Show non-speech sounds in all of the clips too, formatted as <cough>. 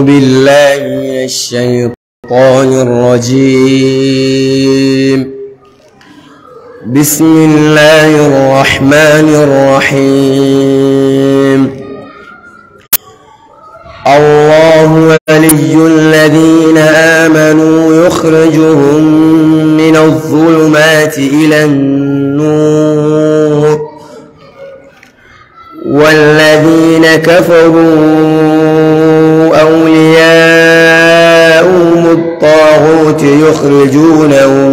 بالله من الشيطان الرجيم بسم الله الرحمن الرحيم الله ولي الذين آمنوا يخرجهم من الظلمات إلى النور والذين كفروا وأولياؤهم الطاغوت يخرجونهم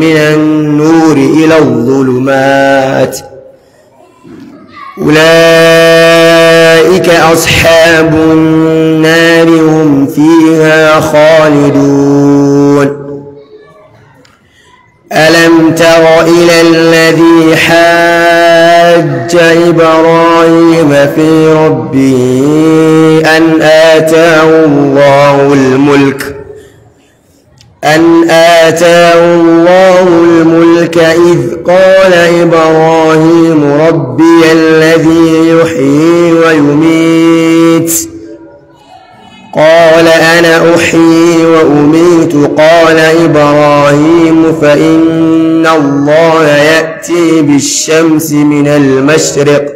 من النور إلى الظلمات أولئك أصحاب النار هم فيها خالدون ألم تر إلى الذي حاج إبراهيم في ربه أن آتاه الله الملك أن آتاه الله الملك إذ قال إبراهيم ربي الذي يحيي ويميت قال أنا أحيي وأميت قال إبراهيم فإن الله يأتي بالشمس من المشرق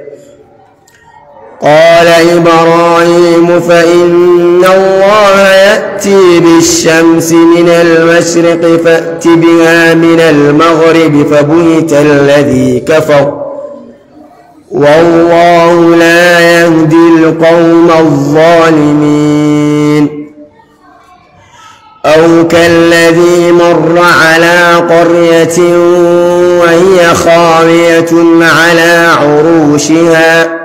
قال إبراهيم فإن الله يأتي بالشمس من المشرق فأت بها من المغرب فبهت الذي كفر والله لا يهدي القوم الظالمين أو كالذي مر على قرية وهي خاوية على عروشها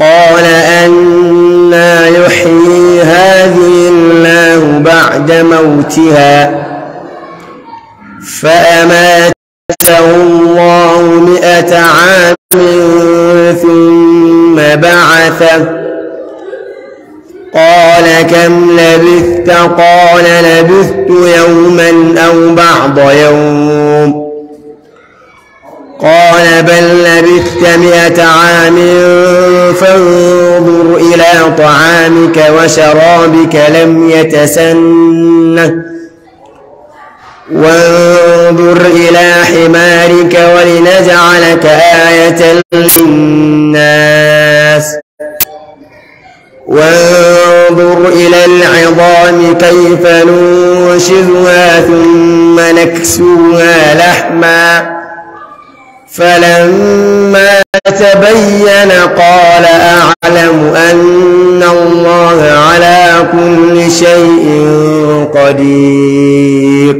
قال أنا يحيي هذه الله بعد موتها فأماته الله مئة عام ثم بعثه قال قال كم لبثت قال لبثت يوما أو بعض يوم قال بل لبثت مئة عام فانظر إلى طعامك وشرابك لم يتسنه وانظر إلى حمارك ولنجعلك آية للناس وانظر انظر إلى العظام كيف ننشزها ثم نكسوها لحما فلما تبين قال أعلم أن الله على كل شيء قدير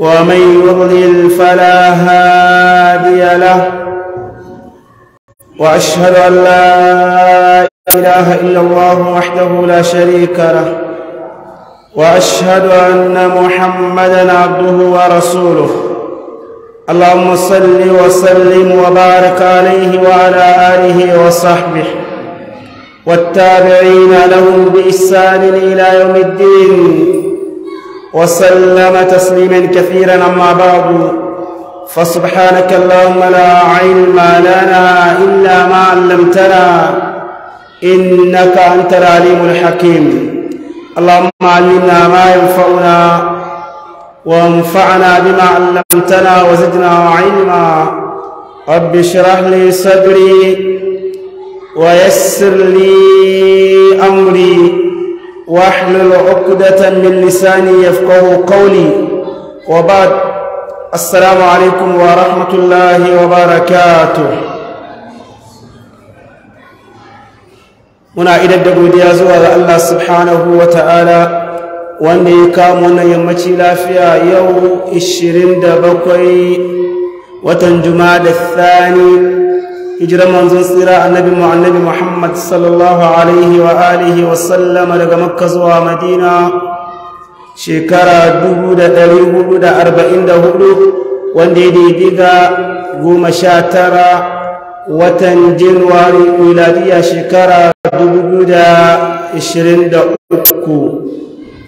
ومن يضلل فلا هادي له واشهد ان لا اله الا الله وحده لا شريك له واشهد ان محمدا عبده ورسوله اللهم صل وسلم وبارك عليه وعلى اله وصحبه والتابعين لهم باحسان الى يوم الدين وسلم تسليما كثيرا أما بعد فسبحانك اللهم لا علم لنا إلا ما علمتنا إنك أنت العليم الحكيم اللهم علمنا ما ينفعنا وانفعنا بما علمتنا وزدنا علما رب اشرح لي صدري ويسر لي أمري واحلل عقدة من لساني يفقه قولي وبعد السلام عليكم ورحمة الله وبركاته muna idan da godiya zuwa ga Allah subhanahu wa ta'ala wanda ya kama wannan yammaci lafiya yau 27 watan juma'a da thani hijira manzon tsira annabi mu annabi muhammad sallallahu alaihi wa alihi wa sallama daga makka zuwa madina shekara 1444 wanda ya daidiga goma sha tara watan januwari miladiya shekara 2023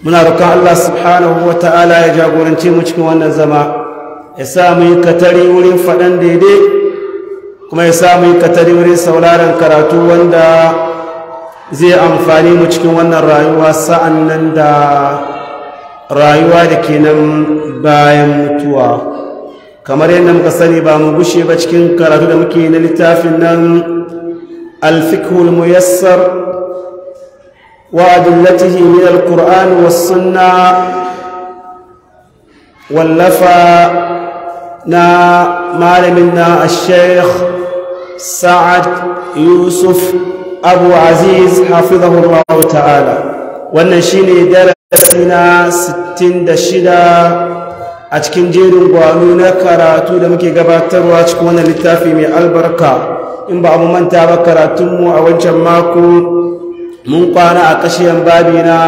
muna roƙon allah subhanahu wa ta'ala ya jagorance mu cikin wannan zama ya sa mu yi katari wurin faɗan daidai kuma ya samu yi katari wurin sauraron karatu wanda zai amfani mu cikin wannan rayuwa sa'an nan da rayuwa da ke nan bayan mutuwa kamar yadda muka sani ba mu gushe ba cikin karatu da muke na littafin nan alfikul muyassar wa adillatihi min alqur'an was sunna wallafa na malamin na ash sa'ad yusuf abu aziz hafizahullahu ta'ala wannan shine darasi da shida a cikin jerin gwano na karatu da muke gabatarwa cikin wannan littafi mai albarka in ba mu manta ba karatunmu a wancan mako mun kwana a kashiyan babina na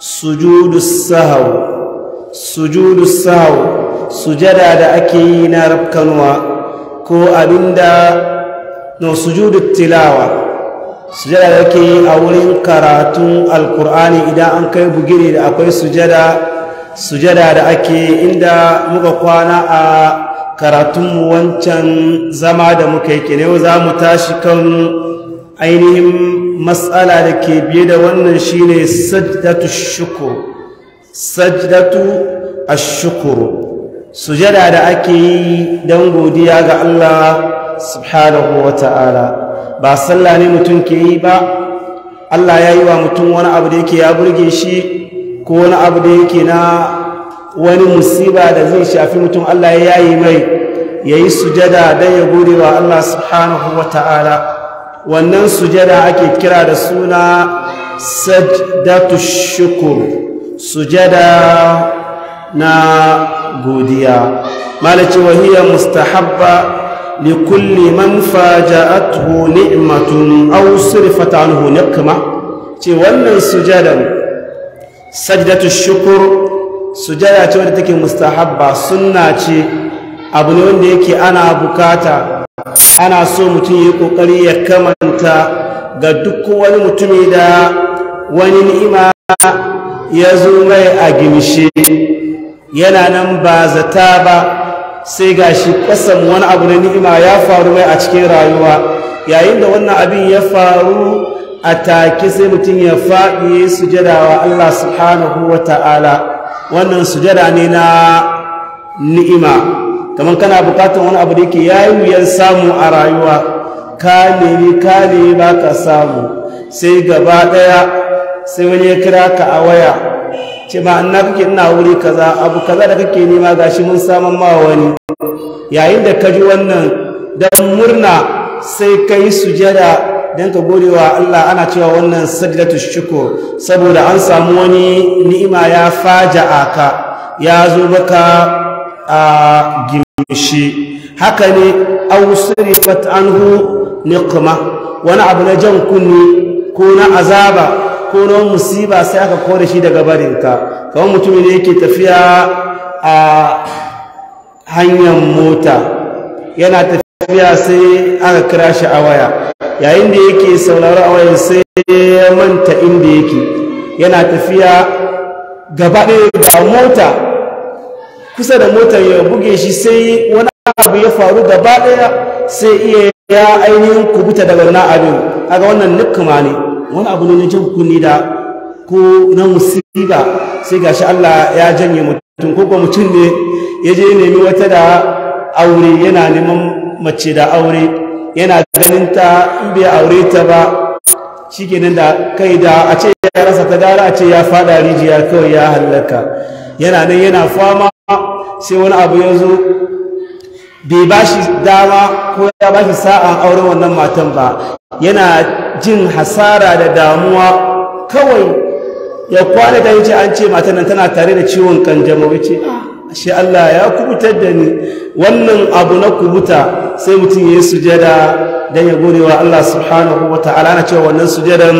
sujudu sahau sujudu sahau sujada da ake yi na rafkanuwa ko abinda no sujudu tilawa sujada yake yi a wurin karatun alkur'ani idan an kai bugiri da akwai sujada sujada da ake inda muka kwana a karatunmu wancan zama da muka yi kenan za mu tashi kan ainihin matsala da ke biye da wannan shine sajdatu shukuru sajdatu ashukuru sujada da ake yi don godiya ga Allah subhanahu wa ta'ala ba sallah ne mutum ke yi ba Allah ya yi wa mutum wani abu da yake ya burge shi ko wani abu da yake na wani musiba da zai shafi mutum Allah ya yi mai ya yi sujada don ya gode wa Allah subhanahu wa ta'ala wannan sujada ake kira da suna sajdatu shukur sujada na godiya malaci wahiya mustahabba kulli man faja'athu ni'matun aw sirfat anhu nikma ce wannan sujada sajdatu shukr sujada ce wanda take mustahabba sunna ce abu ne wanda yake ana bukata ana so mutum yi kokari ya kamanta ga duk wani mutumi da wani ni'ima ya zo mai a gimshe yana nan ba zata ba sai ga shi kwasan wani abu na ni'ima ya faru mai a cikin rayuwa yayin da wannan abin ya faru a take sai mutum ya faɗi sujada wa Allah subhanahu wa ta'ala wannan sujada ne na ni'ima kamar kana bukatar wani abu da yake yayi wuyan samu a rayuwa ka nemi ka nemi ba ka samu sai gaba ɗaya sai wani ya kira ka a waya ce ma na kake ina wuri kaza abu kaza da kake nema gashi mun saman ma wani yayin da ka ji wannan dan murna sai kai sujada dan ka gode wa Allah ana cewa wannan sajdatu shukur saboda an samu wani ni'ima ya faja'a ka ya zo maka a gimshi haka ne aw sirifat anhu niqma wani abu na jan kunni ko na azaba ko na musiba sai aka kore shi daga barinka Kamar mutumin da yake tafiya a hanyar mota yana tafiya sai aka kira shi a waya yayin da yake sauraro a wayan sai ya manta inda yake yana tafiya gaba ɗaya ga mota kusa da motar ya buge shi sai wani abu ya faru gaba ɗaya sai iya ya ainihin kubuta daga wannan abin kaga wannan nukuma ne wani abu ne na jin kunni da ko na musiba sai gashi Allah ya janye mutum ko kuma mutum ne ya je nemi wata da aure yana neman mace da aure yana ganin ta in bai aure ta ba shikenan da kai da a ce ya rasa ta gara a ce ya fada rijiya kawai ya hallaka yana nan yana fama sai wani abu ya zo bai ba shi dama ko ya ba shi sa'a auren wannan matan ba yana jin hasara da damuwa kawai ya kwana da yace an ce matan nan tana tare da ciwon kanjamau yace ah, shi Allah ya kubutar da ni wannan abu na kubuta sai mutum ya yi sujada dan ya gode wa Allah subhanahu wa ta'ala na cewa wannan sujadan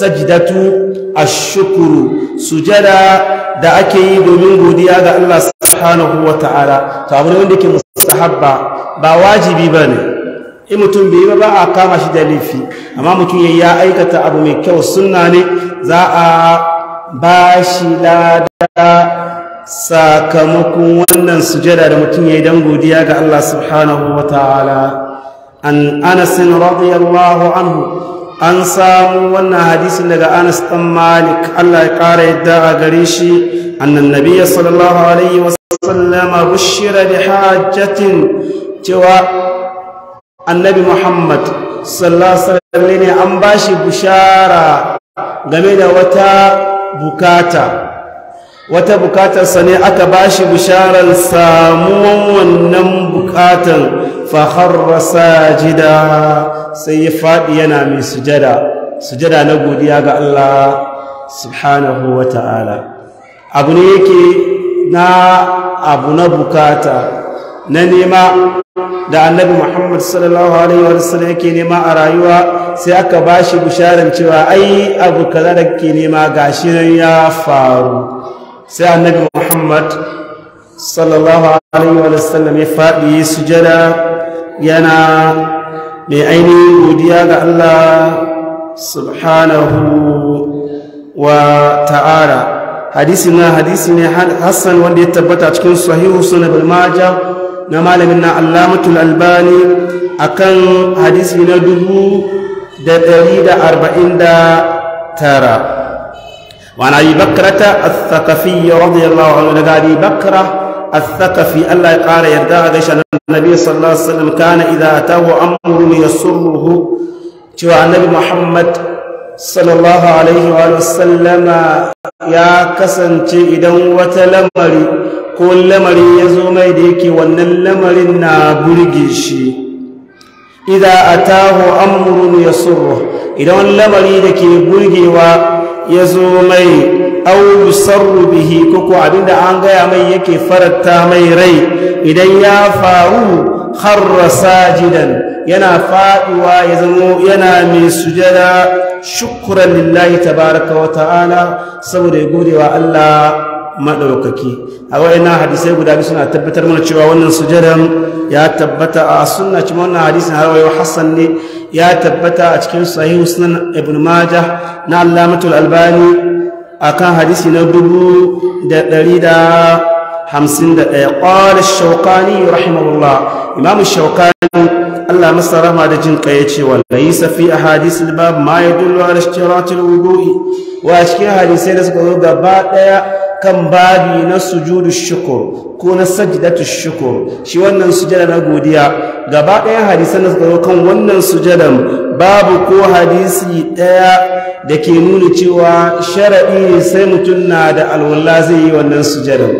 sajdatu ashukuru sujada da ake yi domin godiya ga Allah subhanahu wa ta'ala to abu wanda yake mustahabba ba wajibi ba ne in mutum bai ba a kama shi da laifi amma mutum ya aikata abu mai kyau sunna ne za a ba shi lada sakamakon wannan sujada da mutum ya yi don godiya ga Allah subhanahu wa ta'ala an anasin radiyallahu anhu an samu wannan hadisin daga anas Dan malik Allah ya ƙara yadda a gare shi annan nabiya sallallahu alaihi wasallam bushira bi hajjatin cewa annabi muhammad sallallahu alaihi ne an bashi ra game da wata bukata wata bukatarsa ne aka bashi bisharar samuwan wannan bukatan faharra sajida sai ya faɗi yana mai sujada sujada na godiya ga Allah subhanahu wa ta'ala abu ne yake na abu na bukata na nema da annabi muhammad sallallahu alaihi wa sallam yake nema a rayuwa sai aka ba shi bisharar cewa ai abu kaza da ke nema gashi nan ya faru sai annabi muhammad sallallahu alaihi wa sallam ya faɗi sujada yana mai ainihin godiya ga Allah subhanahu wa ta'ala hadisi na hadisi ne hassan wanda ya tabbata cikin sahihu sunan bilmaja na malamin na alamatul albani akan hadisi na dubu da ɗari da arba'in da tara wani abibakarata a tsakafi ya rada yalla wa hannu daga abibakara a tsakafi allah ya ƙara yarda a gaisha na nabi sallallahu alaihi wasallam kana idan ta wa amuru ya surruhu cewa annabi muhammad sallallahu alaihi wa sallama ya kasance idan wata lamari ko lamari ya zo mai da yake wannan lamarin na burge shi idan Amurin ya yasurru idan lamari da ke burgewa ya zo mai au sarru bihi koko abinda an gaya mai yake faranta mai rai idan ya faru kharra sajidan yana faɗuwa ya zamo yana mai sujada shukuran lillahi tabaraka wa ta'ala saboda ya wa Allah madaukaki a wayannan hadisai guda biyu suna tabbatar mana cewa wannan sujadan ya tabbata a sunna cikin wannan hadisin har wayo Hassan ne ya tabbata a cikin sahihu sunan ibn majah na allamatul albani akan hadisi na dubu da ɗari da hamsin da ɗaya ƙwarar shaukani rahimahullah imamu shaukani Allah masa rama da jin kai yace wa laysa fi ahadith al ma yadullu ala ishtirat al wa cikin hadisai da suka zo gaba daya kan babi na sujudu shukur ko na sajdatu shukur shi wannan sujada na godiya gaba daya hadisan da suka zo kan wannan sujadan babu ko hadisi ɗaya da ke nuna cewa sharaɗi ne sai mutum na da alwala zai yi wannan sujadan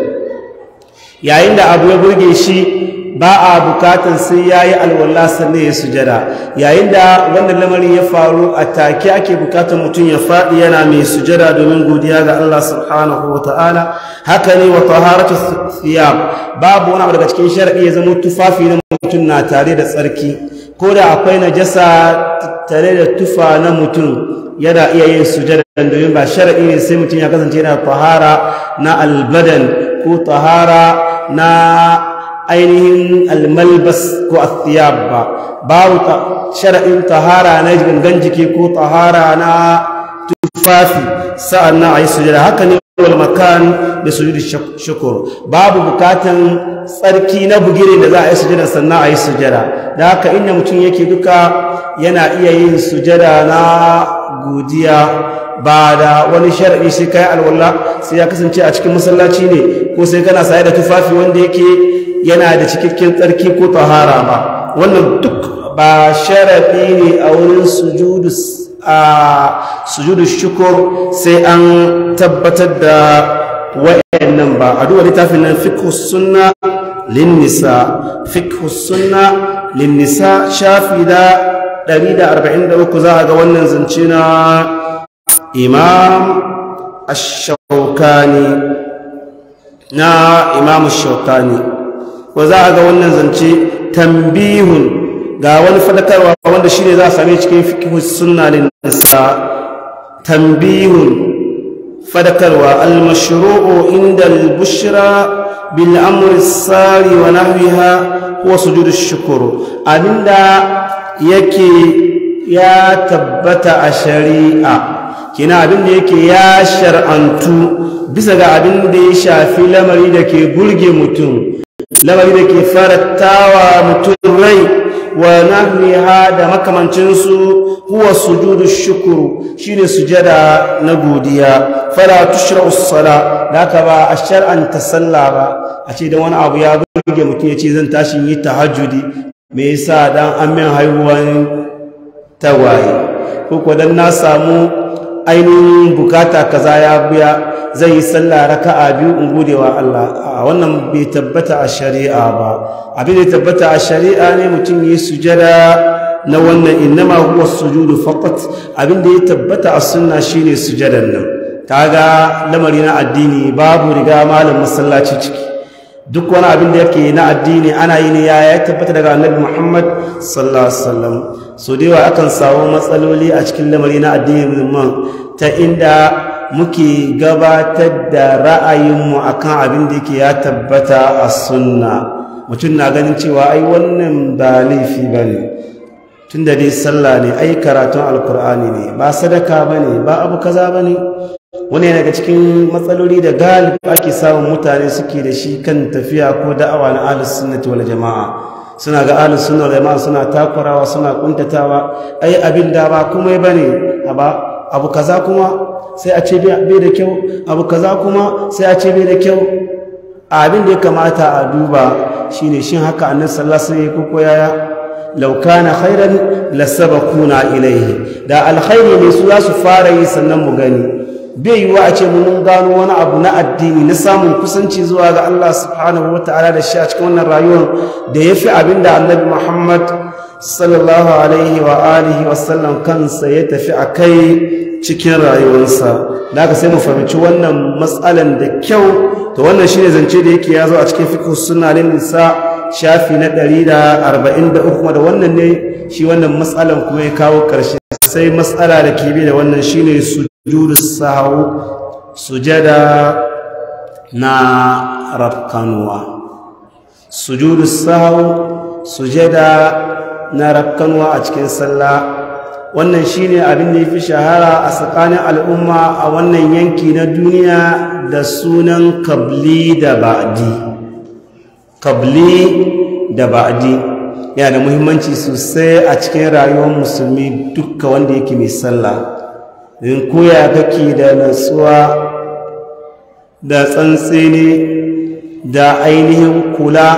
yayin da abu ya burge shi ba a bukatan sai ya yi alwala sannan ya sujada yayin da wannan lamarin ya faru a take ake bukatar mutum ya faɗi yana mai sujada domin godiya ga Allah subhanahu wa ta'ala haka ne wa taharatu siyam babu wani abu daga cikin sharadi ya zama tufafi na mutum na tare da tsarki ko da akwai najasa tare da tufa na mutum yana iya yin sujada domin ba sharadi ne sai mutum ya kasance yana tahara na albadan ko tahara na ainihin almalbas ko athiyab ba babu shara'in tahara na gangan jiki ko tahara na tufafi sa'an na ayi sujada haka ne wal makan da sujudi shukur babu bukatan tsarki na bugire da za a yi sujada sannan ayi yi sujada da haka inda mutum yake duka yana iya yin sujada na godiya ba da wani shar'i sai kai alwala sai ya kasance a cikin masallaci ne ko sai kana saye da tufafi wanda yake yana da cikakken tsarki ko tahara ba wannan duk ba sharafi ne a wurin sujudu a shukur sai an tabbatar da wa'annan ba a duwa littafin nan fiqh sunna lin nisa fiqh sunna lin nisa shafi da 143 za a ga wannan zance na imam ash na imam ash wa za a ga wannan zance tambihun ga wani fadakarwa wanda shi ne za a same cikin fikihun suna da nasa tambihun fadakarwa al inda al-bushra bil amri sari wa nahwiha huwa sujudu abinda yake ya tabbata a shari'a kina abinda yake ya shar'antu bisa ga abinda ya shafi lamari da ke gurge mutum lamari da ke faratawa mutum rai wa nahwiha da makamancinsu huwa sujudu shukuru shine sujada na godiya fala tushra'u sala da aka ba a shar'anta sallah ba a ce don wani abu ya burge mutum ya ce zan tashi yi tahajjudi me yasa dan an haihuwan tawaye ko ko na samu ainihin bukata kaza ya biya zai yi sallah raka'a biyu in gode wa Allah a wannan bai tabbata a shari'a ba abin da tabbata a shari'a ne mutum yi sujada na wannan innama huwa sujudu faqat abin da ya tabbata a sunna shine sujadan nan kaga lamari na addini babu riga malam masallaci ciki duk wani abin da yake na addini ana yi ne ya tabbata daga annabi Muhammad sallallahu alaihi wasallam so da yawa akan samu matsaloli a cikin lamari na addinin musulman ta inda muke gabatar da ra'ayinmu akan abin da yake ya tabbata a sunna mutum na ganin cewa ai wannan ba laifi ba ne tun da dai sallah ne ai karatun alkur'ani ne ba sadaka ba ne ba abu kaza ba ne wani yana daga cikin matsaloli da galibi ake samun mutane suke da shi kan tafiya ko da'awa na ahlus sunnati wal jama'a suna ga ahlus sunna jama'a suna takurawa suna kuntatawa ai abin da ba komai bane ba abu kaza kuma sai a ce bai da kyau abu kaza kuma sai a ce bai da kyau abin da ya kamata a duba shine shin haka annabi sallallahu alaihi wasallam ko yaya law kana khairan lasabquna ilayhi da alkhairi ne su za su fara yi sannan mu gani bai yiwuwa a ce mun gano wani abu na addini na samun kusanci zuwa ga Allah subhanahu ta'ala da shi a cikin wannan rayuwar da ya fi abin da annabi Muhammad sallallahu alaihi wa alihi wa sallam kansa ya tafi a kai cikin rayuwarsa da aka sai mu fahimci wannan matsalan da kyau to wannan shine zance da yake ya zo a cikin fiqh sunna lin nisa shafi na 143 kuma da wannan ne shi wannan matsalan kuma ya kawo karshe sai matsala da ke bi da wannan shine su sujudu sahu sujada na rafkanuwa sujudu sahu sujada na a cikin sallah wannan shine abin da yafi shahara a tsakanin al'umma a wannan yanki na duniya da sunan kabli da ba'di kabli da ba'di yana da muhimmanci sosai a cikin rayuwar musulmi duka wanda yake mai sallah in koya kake da nasuwa da tsantsini da ainihin kula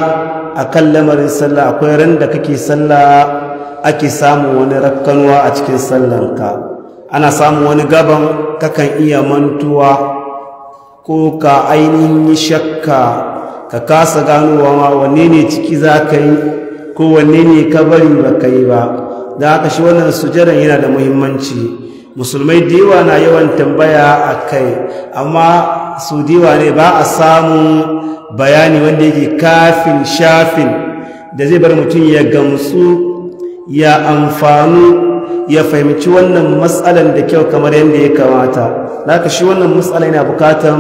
a kan lamarin sallah akwai ran da kake sallah ake samun wani rakkanuwa a cikin sallanka ana samun wani gaban kakan iya mantuwa ko ka ainihin yi shakka ka kasa ganowa ma wanne ne ciki za ka yi ko wanne ne ka bari ba ka yi ba da aka shi wannan sujadan yana da muhimmanci musulmai diwa na yawan tambaya a kai amma su diwa ne ba a samu bayani wanda yake kafin shafin da zai bar mutum ya gamsu ya amfanu ya fahimci wannan matsalan da kyau kamar yadda ya kamata ka shi wannan matsala yana bukatan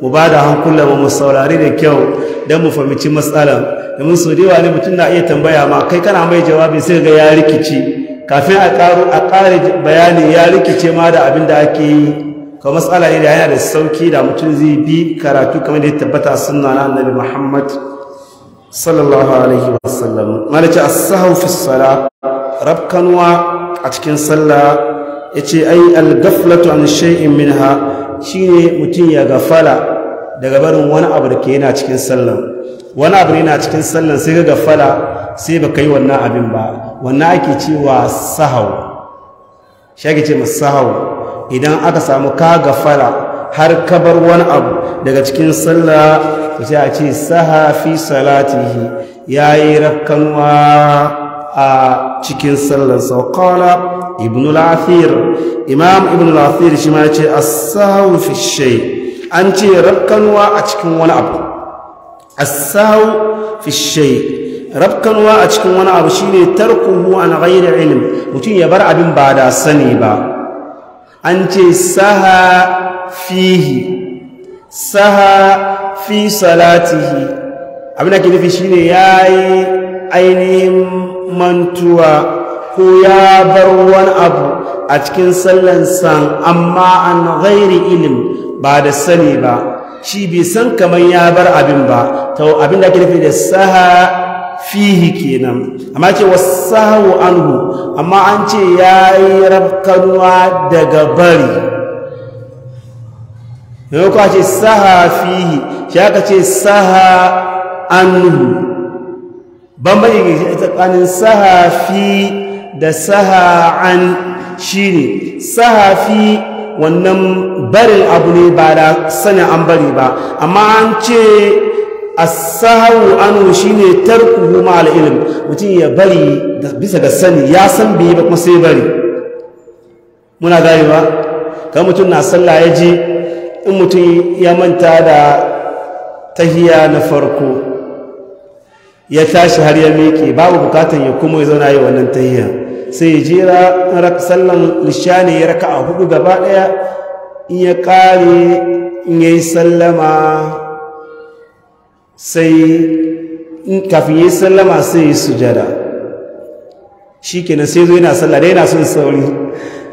mu ba da hankula mu saurari da kyau don mu fahimci matsalan domin su diwa ne mutum na iya tambaya ma kai kana mai jawabi sai ga ya rikici kafin a ƙaru a ƙari bayani ya rikice ma da abin da ake yi ka matsala ne da yana da sauki da mutum zai bi karatu kamar da ya tabbata sunna na annabi muhammad sallallahu alaihi wasallam ce a sahau fi sala rabkanwa a cikin sallah yace ai al-ghaflatu an shay'in minha shine mutum ya gafala daga barin wani abu da ke yana cikin sallan wani abu yana cikin sallan sai ka gafala sai baka yi wannan abin ba wannan ake cewa sahau shi ake ce sahau idan aka samu ka gafara har kabar wani abu daga cikin sallah ta ce a ce saha fi salatihi yi rakkanwa a cikin sallar sauƙala ibn al imam ibn al shi ma ce a sahau fi shai. an ce rakkanwa a cikin wani abu A sahau fi shai. rafkanwa a cikin wani abu shine tarkuhu an ghairi ilm mutum ya bar abin ba da sani ba an ce saha fihi saha fi salatihi abin da ke nufi shine yayi ainihin mantuwa ko ya bar wani abu a cikin san, amma an ghairi ilim ba da sani ba shi bai san kamar ya bar abin ba to abin da ke nufi da saha fihi kenan amma ce wasahu anhu amma an ce yayi rabkanuwa daga bari yau ka ce saha fihi shi aka ce saha anhu bambaye tsakanin saha fi da saha an shine saha fi wannan barin abu ne ba da sanin an bari ba amma an ce as-sahu shine tarkuhu ma al-ilm mutum ya bari bisa ga sani ya san bai ba kuma sai bari muna gari ba ka mutum na sallah ya ji in mutum ya manta da tahiya na farko ya tashi har ya miƙe babu bukatan ya kuma ya zauna yi wannan tahiyya sai ya jira sallan lishani ya raka a hudu gaba daya in ya kare in ya sallama sai in kafin yi sallama sai yi sujada shi kenan sai zo yana sallah da yana son sauri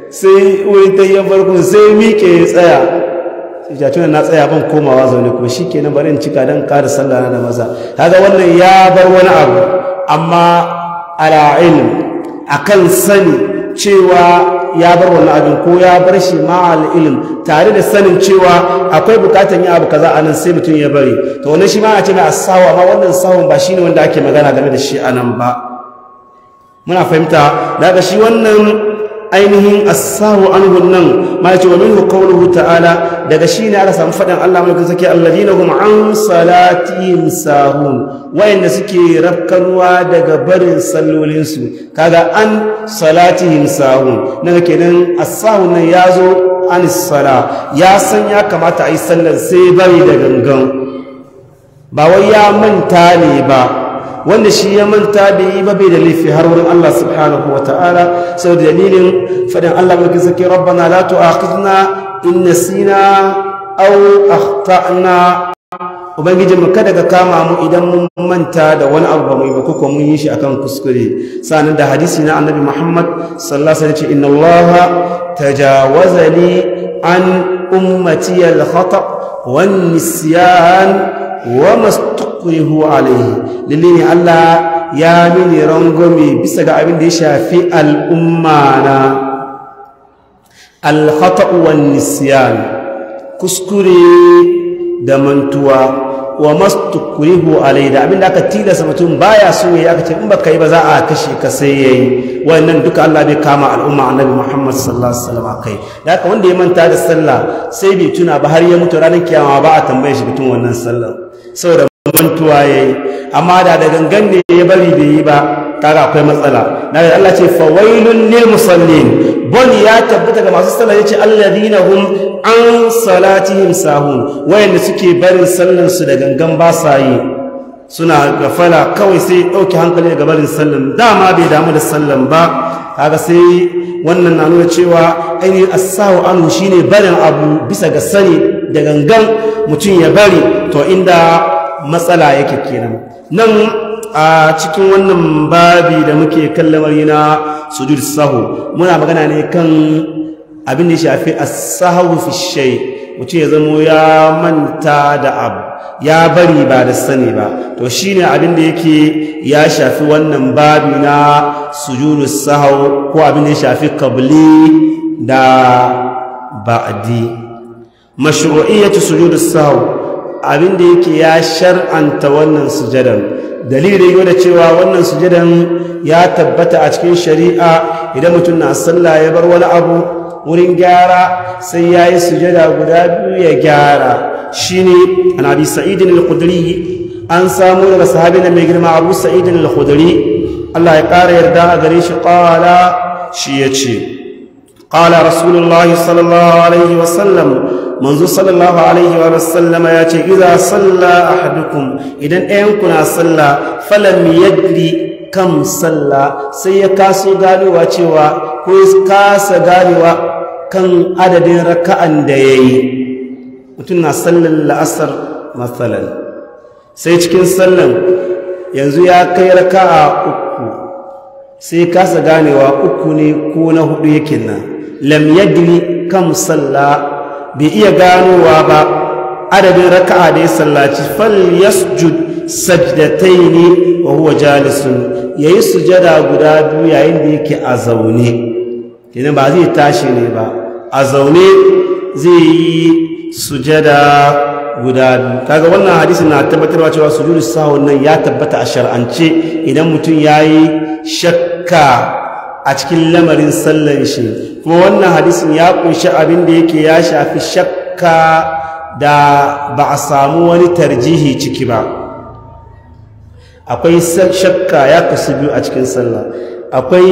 sai wurin ta yi farko sai mike ya tsaya ya na tsaya ban komawa zaune kuma shi kenan bari in cika don ƙara sallah da maza kaga wannan ya bar wani abu amma ala ilm kan sani cewa ya bar wannan abin ko ya bar shi ma'al ilim tare da sanin cewa akwai bukatan yin abu kaza a nan sai mutum ya bari to wannan shi ma a ce mai asawa ma wannan sawon ba shine wanda ake magana game da shi anan ba muna fahimta daga shi wannan ainihin asahu anhu nan ma ce wa minhu ta'ala daga shi ne aka samu faɗin Allah mai kusa ke alladina kuma an salatihim sahun wayanda suke rafkanwa daga barin sallolinsu, kaga an salati sahun Na nan kenan asahu nan zo an sala ya san ya kamata a yi sallar sai bari da gangan ba wai ya manta ne ba wanda shi ya manta da yi ba bai da laifi har wurin Allah subhanahu wa ta'ala sau da dalilin faɗin Allah mulkin sarki rabbana la tu'akhidna in nasina aw akhtana ubangiji mu kada ka kama mu idan mun manta da wani abu ba mu yi ba ko mun yi shi akan kuskure sanan da hadisi na annabi Muhammad sallallahu alaihi wasallam tajawaza an ummati al khata' wan nisyan wa kurihu alaihi lalle ne Allah ya mini rangwame bisa ga abin da ya shafi al'umma na alhata'u wan nisyan kuskure da mantuwa wa mastu kurihu alaihi da abin da aka tilasa mutum baya so yayi aka ce in baka yi ba za a kashe ka sai yayi wannan duka Allah bai kama al'umma annabi Muhammad sallallahu alaihi wasallam kai da aka wanda ya manta da sallah sai bai tuna ba har ya mutu ranar kiyama ba a tambaye shi mutum wannan sallah saboda mantuwa ya yi amma da da gangan ne ya bari bai yi ba kaga akwai matsala na da Allah ce fawailun lil musallin bon ya tabbata ga masu ya sallah yace alladhina hum an salatihim sahun wayanda suke barin sallar su da gangan ba sa yi suna gafala kawai sai dauke hankali daga barin sallar dama bai damu da sallar ba kaga sai wannan na nuna cewa ainihin Anu shi shine barin abu bisa ga sani da gangan mutum ya bari to inda matsala yake kenan nan a cikin wannan babi da muke kallamar yana sujud sahu muna magana ne kan abin da ya shafi as-sahu fi shay wuce ya zamo ya manta da abu ya bari ba da sani ba to shine abin da yake ya shafi wannan babi na sujud sahu ko abin da shafi kabli da ba'di mashru'iyyatu sujudi sahu abin da yake ya shar'anta wannan sujadan dalilin yau da cewa wannan sujadan ya tabbata a cikin shari'a idan mutum na sallah ya bar wani abu wurin gyara sai ya yi sujada guda biyu ya gyara shi ne an abi sa'idin al an samu daga sahabi na mai girma abu sa'idin al-khudri Allah ya ƙara yarda a gare shi ƙala shi ya ce قال رسول الله صلى الله عليه وسلم منذ صلى الله عليه وسلم ياتي إذا صلى أحدكم إذن أين كنا صلى فلم يدري كم صلى سيكاسو قالوا وشوا كويس كاس قالوا كم عدد ركعا ديي وتنا صلى الأسر مثلا سيكين صلى ينزو يا كي ركعا أكو سيكاس قالوا أكو ني هدو يكنا lam yadri kam salla bai iya ganowa ba adadin raka'a da ya sallaci fal yasjud sajdataini wa huwa jalisun yayi sujada guda biyu yayin da yake a zaune kenan ba zai tashi ne ba a zaune zai yi sujada guda biyu kaga wannan hadisi na tabbatarwa cewa sujudu sahun nan ya tabbata a shar'ance idan mutum yayi shakka a cikin lamarin sallan shi kuma wannan hadisin ya kunshi abin da yake ya shafi shakka da ba a samu wani tarjihi ciki ba akwai shakka ya kasu biyu a cikin sallah akwai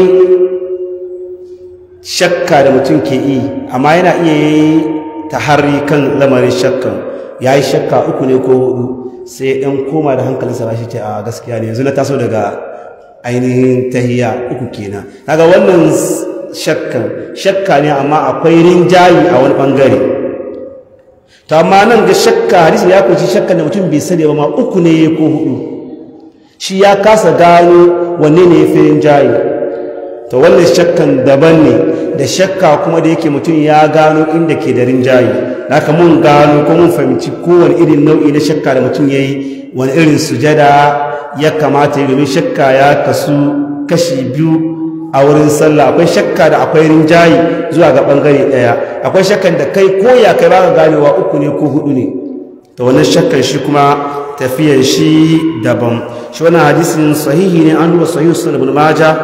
shakka da mutum ke yi amma yana iya yi tahari kan lamarin shakkan ya yi shakka uku ne ko hudu sai yan koma da hankalinsa ba shi ce a gaskiya ne yanzu na taso daga ainihin tahiya uku kenan kaga wannan shakkan shakka ne amma akwai rinjayi a wani bangare to amma nan ga shakka hadisi ya kunshi shakka da mutum bai sani ba ma uku ne ko hudu shi ya kasa gano wanne ne yafi rinjayi to wannan shakkan daban ne da shakka kuma da yake mutum ya gano inda ke da rinjayi haka mun gano ko mun fahimci kowane irin nau'i na shakka da mutum ya yi wani irin sujada ya kamata domin shakka ya kasu kashi biyu a wurin sallah akwai shakka da akwai rinjayi zuwa ga bangare daya akwai shakkan da kai ko ya kai ba ganewa uku ne ko hudu ne to wannan shakkan shi kuma tafiyar shi daban shi wannan hadisin sahihi ne an duba sahihu sunan ibn majah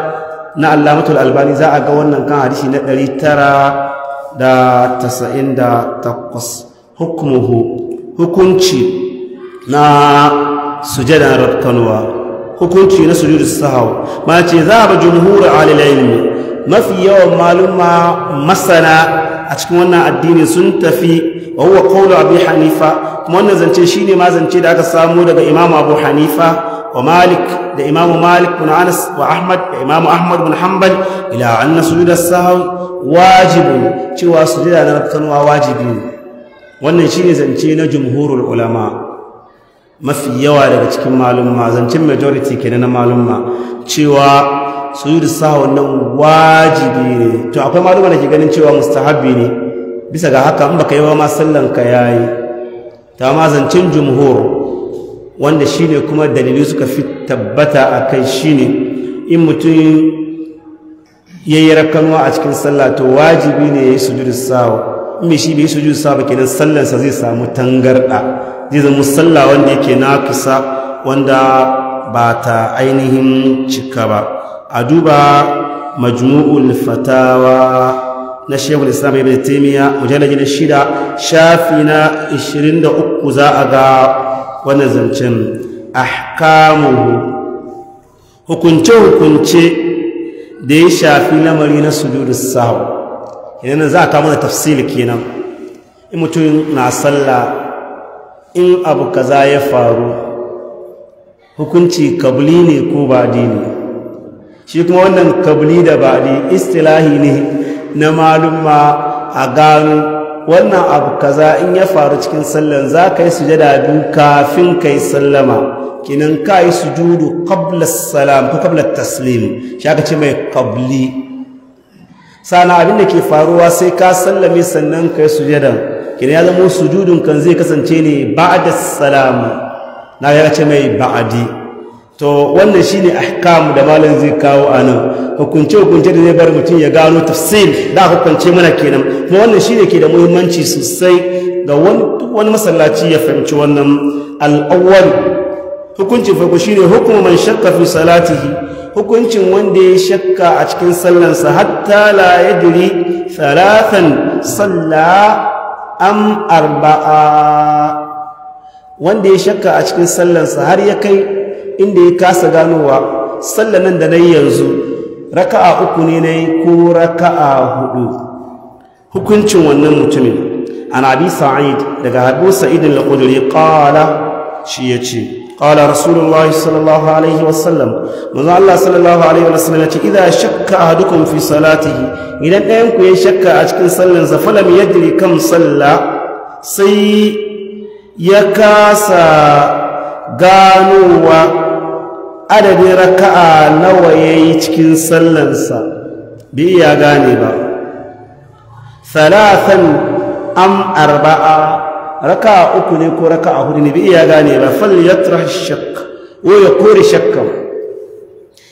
na allamatul albani za a ga wannan kan hadisi na 998 hukumuhu hukunci na sujada rabkanwa hukunci na sujudu sahaw ma ce za ba jumhur alil ilmi mafi yawan maluma masana a cikin wannan addini sun tafi wa huwa qawlu abi hanifa kuma wannan zance shine ma zance da aka samu daga imam abu hanifa wa malik da imam malik bin anas wa ahmad da imam ahmad bin hanbal ila anna sujuda sahaw wajib cewa sujuda na kanwa wajibi wannan shine zance na jumhurul ulama mafi yawa daga cikin malumma zancen majority kenan na malumma cewa yi risa wannan wajibi ne to akwai maluma da ke ganin cewa mustahabi ne bisa ga haka in baka yi ba ma sallan ka yi ta ma zancen jumhur wanda shi ne kuma dalili suka fi tabbata a shi ne, in mutum ya yi rakanwa a cikin sallah to wajibi ne ya yi risa wa in me shi bai risa ba kenan sallansa zai samu tangarɗa. zai zama sallah wanda yake nakisa wanda ba ta ainihin cika ba a duba majmu'ul fatawa na shekul islam ibn taimiyya mujallar shida shafi na 23 za a ga wannan zancen ahkamuhu hukunce-hukunce da ya shafi lamari na sujudu sahu yana za a kama da tafsir kenan in mutum na sallah in abu kaza ya faru hukunci kabli ne ko baɗi ne shi kuma wannan kabli da baɗi istilahi ne na malumma a gano wannan abu kaza in ya faru cikin sallan za ka yi sujada biyu kafin ka yi sallama kinan ka yi sujudu qabla salam ko qabla taslim shi aka ce mai kabli sana abin da ke faruwa sai ka sallame sannan ka yi sujadan idan ya zama sujudun kan zai kasance ne ba'da salamu na ya ce mai ba'adi to wannan shine ahkam da malam zai kawo anan hukunce hukunce da zai bar mutum ya gano tafsir da hukunce mana kenan kuma wannan shine ke da muhimmanci sosai ga wani masallaci ya fahimci wannan alawar hukuncin farko shine hukumu man shakka fi salatihi hukuncin wanda ya shakka a cikin sallansa hatta la yadri thalathan salla am arba'a wanda ya shakka a cikin sallansa har ya kai inda ya kasa ganowa sallanan nan da nayi yanzu raka'a uku ne na yi ko raka'a hudu hukuncin wannan mutumin an abi sa'id daga abu sa'id al kala, shi shi ce. قال رسول الله صلى الله عليه وسلم منذ الله صلى الله عليه وسلم إذا شك أحدكم في صلاته إذا أنكم يشك أشكن صلى فلم يدري كم صلى سي يكاسا غانوا عدد ركعة نوى يشكن صلى بي يا غانبا ثلاثا أم أربعة raka uku ne ko a hudu ne bi iya gane ba fal yatrah shakk wa shakkan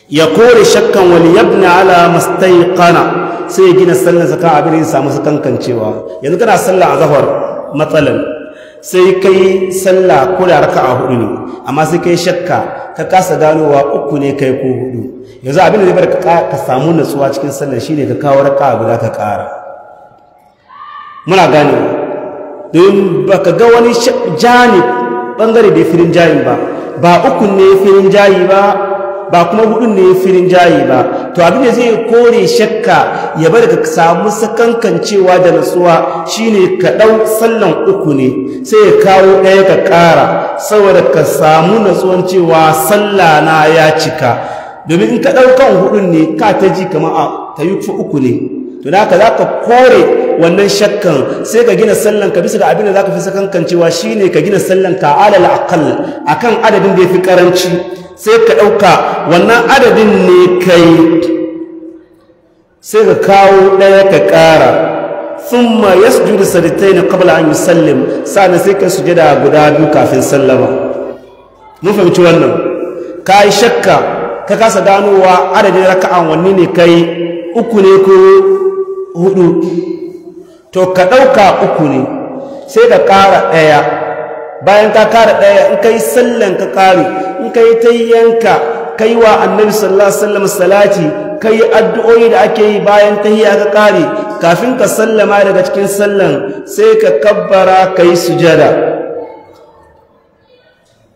yakuri shakkan wal yabna ala mastayqana sai ya gina sallar zaka abin ya samu sakankancewa yanzu kana sallah zahar matsalan sai kai sallah ko da a hudu ne amma sai kai shakka ka kasa ganowa uku ne kai ko hudu yanzu abin da zai bar ka samu natsuwa cikin sallar shine ka kawo raka'a guda ka kara muna ganewa don ba ka ga wani jani bangare da ya firin jayi ba ba ukun ne ya firin jayi ba ba kuma hudun ne firin jayi ba to abin da zai kore shakka ya bar ka samu sakankancewa da natsuwa shine ka dau sallan uku ne sai ya kawo ɗaya ka kara saboda ka samu natsuwan cewa sallah na ya cika domin in ka ɗaukan hudun ne ka ta ji kamar a ta yi uku ne to da haka za ka kore wannan shakkan sai ka gina sallan ka bisa ga abin da za zaka fi sakankan cewa ne ka gina sallan ka alal a kan adadin da ya fi karanci sai ka ɗauka wannan adadin ne kai sai ka kawo ɗaya ka ƙara. ya kara juri yasjudu na kabla an yi sallim sa'an sai ka jada guda biyu kafin sallama mun fahimci wannan ka yi shakka ka kasa ganowa adadin raka'an wanne ne kai uku ne ko hudu to ka ɗauka uku ne sai ka ƙara ɗaya bayan ka ƙara ɗaya in ka yi sallan ka ƙare in ka yi yanka, ka yi wa annabi sallallahu alaihi salati ka yi addu'o'i da ake yi bayan tahiya ka ƙare kafin ka sallama daga cikin sallan sai ka kabbara ka yi sujada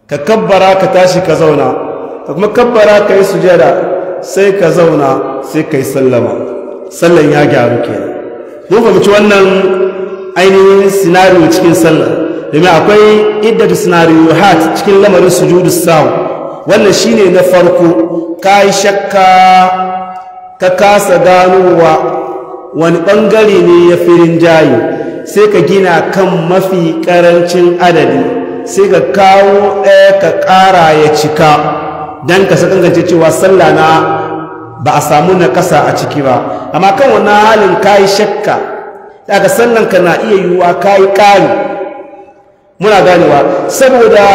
ka kabbara ka tashi ka zauna ka kuma kabbara ka yi sujada sai ka zauna sai ka yi sallama sallan ya gyaru kenan mun fahimci wannan ainihin sinariyo cikin sallah domin akwai iddatu sinariyo hat cikin lamarin sujudu sahu wannan shine na farko ka yi shakka ka kasa ganowa wani ɓangare ne ya firin jayi sai ka gina kan mafi ƙarancin adadi sai ka kawo ɗaya ka ƙara ya cika don ka sakangance cewa sallah na ba a samu na kasa a ciki ba amma kan wani halin ka yi shakka daga sannan ka na iya yiwuwa ka yi ƙari muna ganewa saboda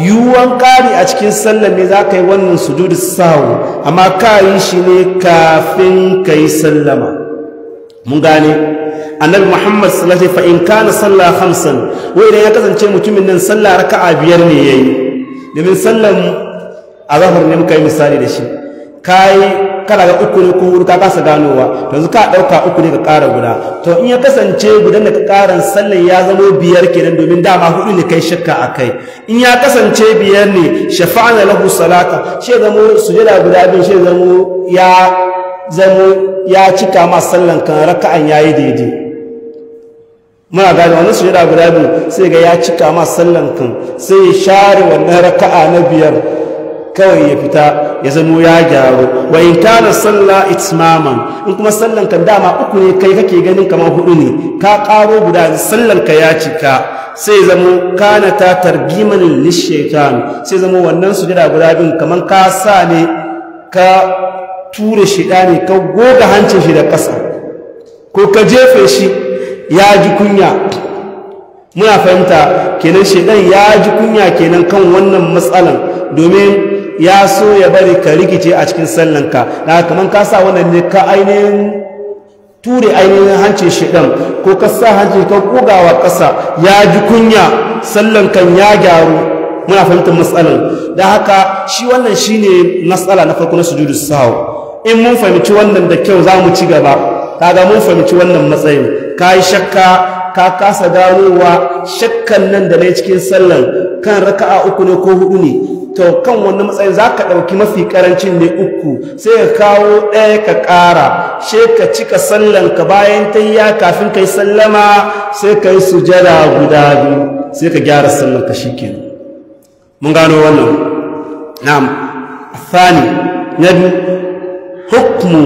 yiwuwan ƙari a cikin sallan ne za ka yi wannan sujudu sahu amma ka yi shi ne kafin ka yi sallama mun gane annabi muhammad sallallahu fa in kana sallah hamsin wai idan ya kasance mutumin nan sallah raka'a biyar ne yayi domin sallan azhar ne muka yi misali da shi kai kana ga uku ne ko ka kasa ganowa yanzu ka dauka uku ne ka ƙara guda to in ya kasance gudan da ka ƙaran sallan ya zama biyar kenan domin dama hudu ne kai shakka a kai in ya kasance biyar ne shafa'ana lahu salata shi zamo sujada guda biyu shi zamo ya ya cika ma sallan kan raka'an yayi daidai muna gane wannan sujada guda biyu sai ga ya cika ma sallan kan sai ya share wannan raka'a na biyar kawai ya fita ya zamo ya gyaru wa in kana sallah itmaman in kuma sallan ka dama uku ne kai kake ganin kamar hudu ne ka karo guda sallan ka ya cika sai zamo kana ta targiman lishaitan sai zamo wannan sujada guda bin kamar ka sa ne ka ture shi ne ka goga hancin shi da kasa ko ka jefe shi ya ji kunya muna fahimta kenan shedan ya ji kunya kenan kan wannan matsalan domin ya so ya bari ka rikice a cikin sallanka haka kaman ka sa wannan ne ka ainihin ture ainihin hancin ɗan, ko ka sa hancin ka kogawa ƙasa ya ji kunya sallankan ya gyaru muna fahimtar matsalar. da haka shi wannan shi ne matsala na farko na sujudu sahu in mun fahimci wannan da kyau za mu ci gaba kaga mun fahimci wannan matsayin ka yi shakka ka kasa ganowa shakkan nan da na cikin sallan kan raka'a uku ne ko hudu ne to kan wani matsayin za ka ɗauki mafi ƙarancin ne uku sai ka kawo ɗaya ka ƙara she ka cika sallan ka bayan ya kafin ka yi sallama sai ka yi sujada guda biyu sai ka gyara sallan ka shi ke mun gano wannan na'am thani na biyu hukmu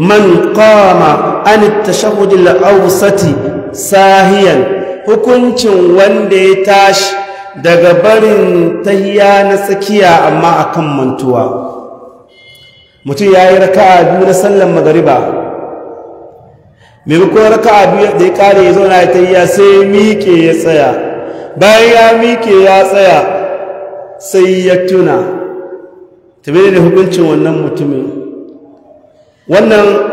man qama an tashahhud al-awsati sahiyan hukuncin wanda ya tashi daga barin tahiya na tsakiya amma akan mantuwa mutum ya yi raka'a biyu na sallan magariba maimakon raka'a biyu da ya kare ya zauna ya tahiya sai miƙe ya tsaya bayan ya miƙe ya tsaya sai ya tuna tabi da hukuncin wannan mutumin wannan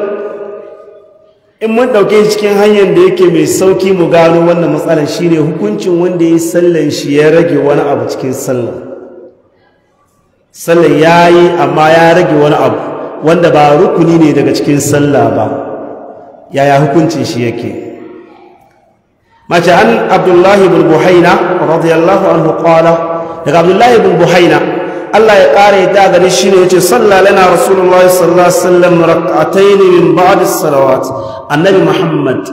in mun ɗauke shi cikin hanyar da yake mai sauki mu gano wannan matsalar shine hukuncin wanda ya yi sallan shi ya rage wani abu cikin sallan sallan ya yi amma ya rage wani abu wanda ba rukuni ne daga cikin sallah ba yaya hukuncin shi yake mace an abdullahi bin buhaina radiyallahu anhu qala daga abdullahi bin buhaina Allah ya ƙara yadda gare shi ne ce salla lana rasulullah sallallahu alaihi wasallam rak'atayn min ba'd as-salawat annabi muhammad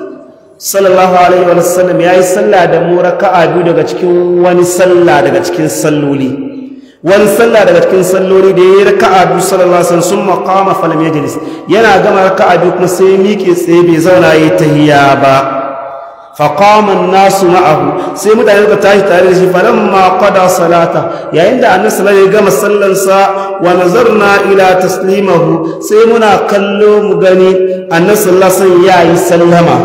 sallallahu alaihi wasallam yayi salla da mu raka'a biyu daga cikin wani salla daga cikin salloli wani salla daga cikin salloli da yayi raka'a biyu sallallahu alaihi wasallam summa qama falam yajlis yana gama raka'a biyu kuma sai miƙe tsaye bai zauna yayi tahiyya ba faƙaman nasu ma'ahu sai mutane suka tashi tare da shi ma maƙwada salata yayin da annas ya gama sallansa wa nazarna ila taslimahu sai muna kallo mu gani annas sallasan ya yi sallama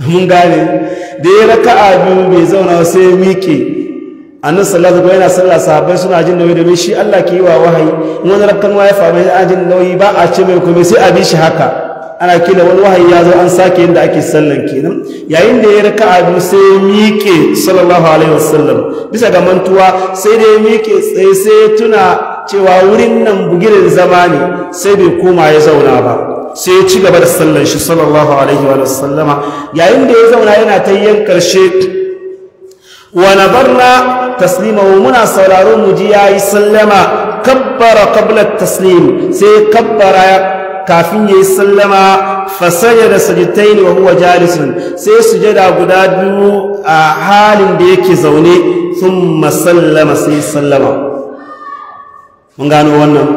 mun gane da ya raka biyu bai zauna sai miƙe annan sallallahu alaihi wasallam yana sallah sahabbai suna jin nauyi domin shi Allah ke yi wa wahayi in wani rakkan ma ya faru yana jin nauyi ba a ce mai komai sai a bi shi haka ana kila wani wahayi ya zo an sake yadda ake sallan kenan yayin da ya raka abu sai ya miƙe sallallahu alaihi wasallam bisa ga mantuwa sai dai ya miƙe tsaye sai ya tuna cewa wurin nan bugirin zama ne sai bai koma ya zauna ba sai ya ci gaba da sallan shi sallallahu alaihi wa yayin da ya zauna yana ta yan karshe wa taslima, wa muna sauraro mu ji ya yi sallama kabbara qabla taslim sai kabbara kafin yayi sallama da sajitai ne wa huwa jalisun sai sujada guda biyu a halin da yake zaune sun sallama sai sallama mun gano wannan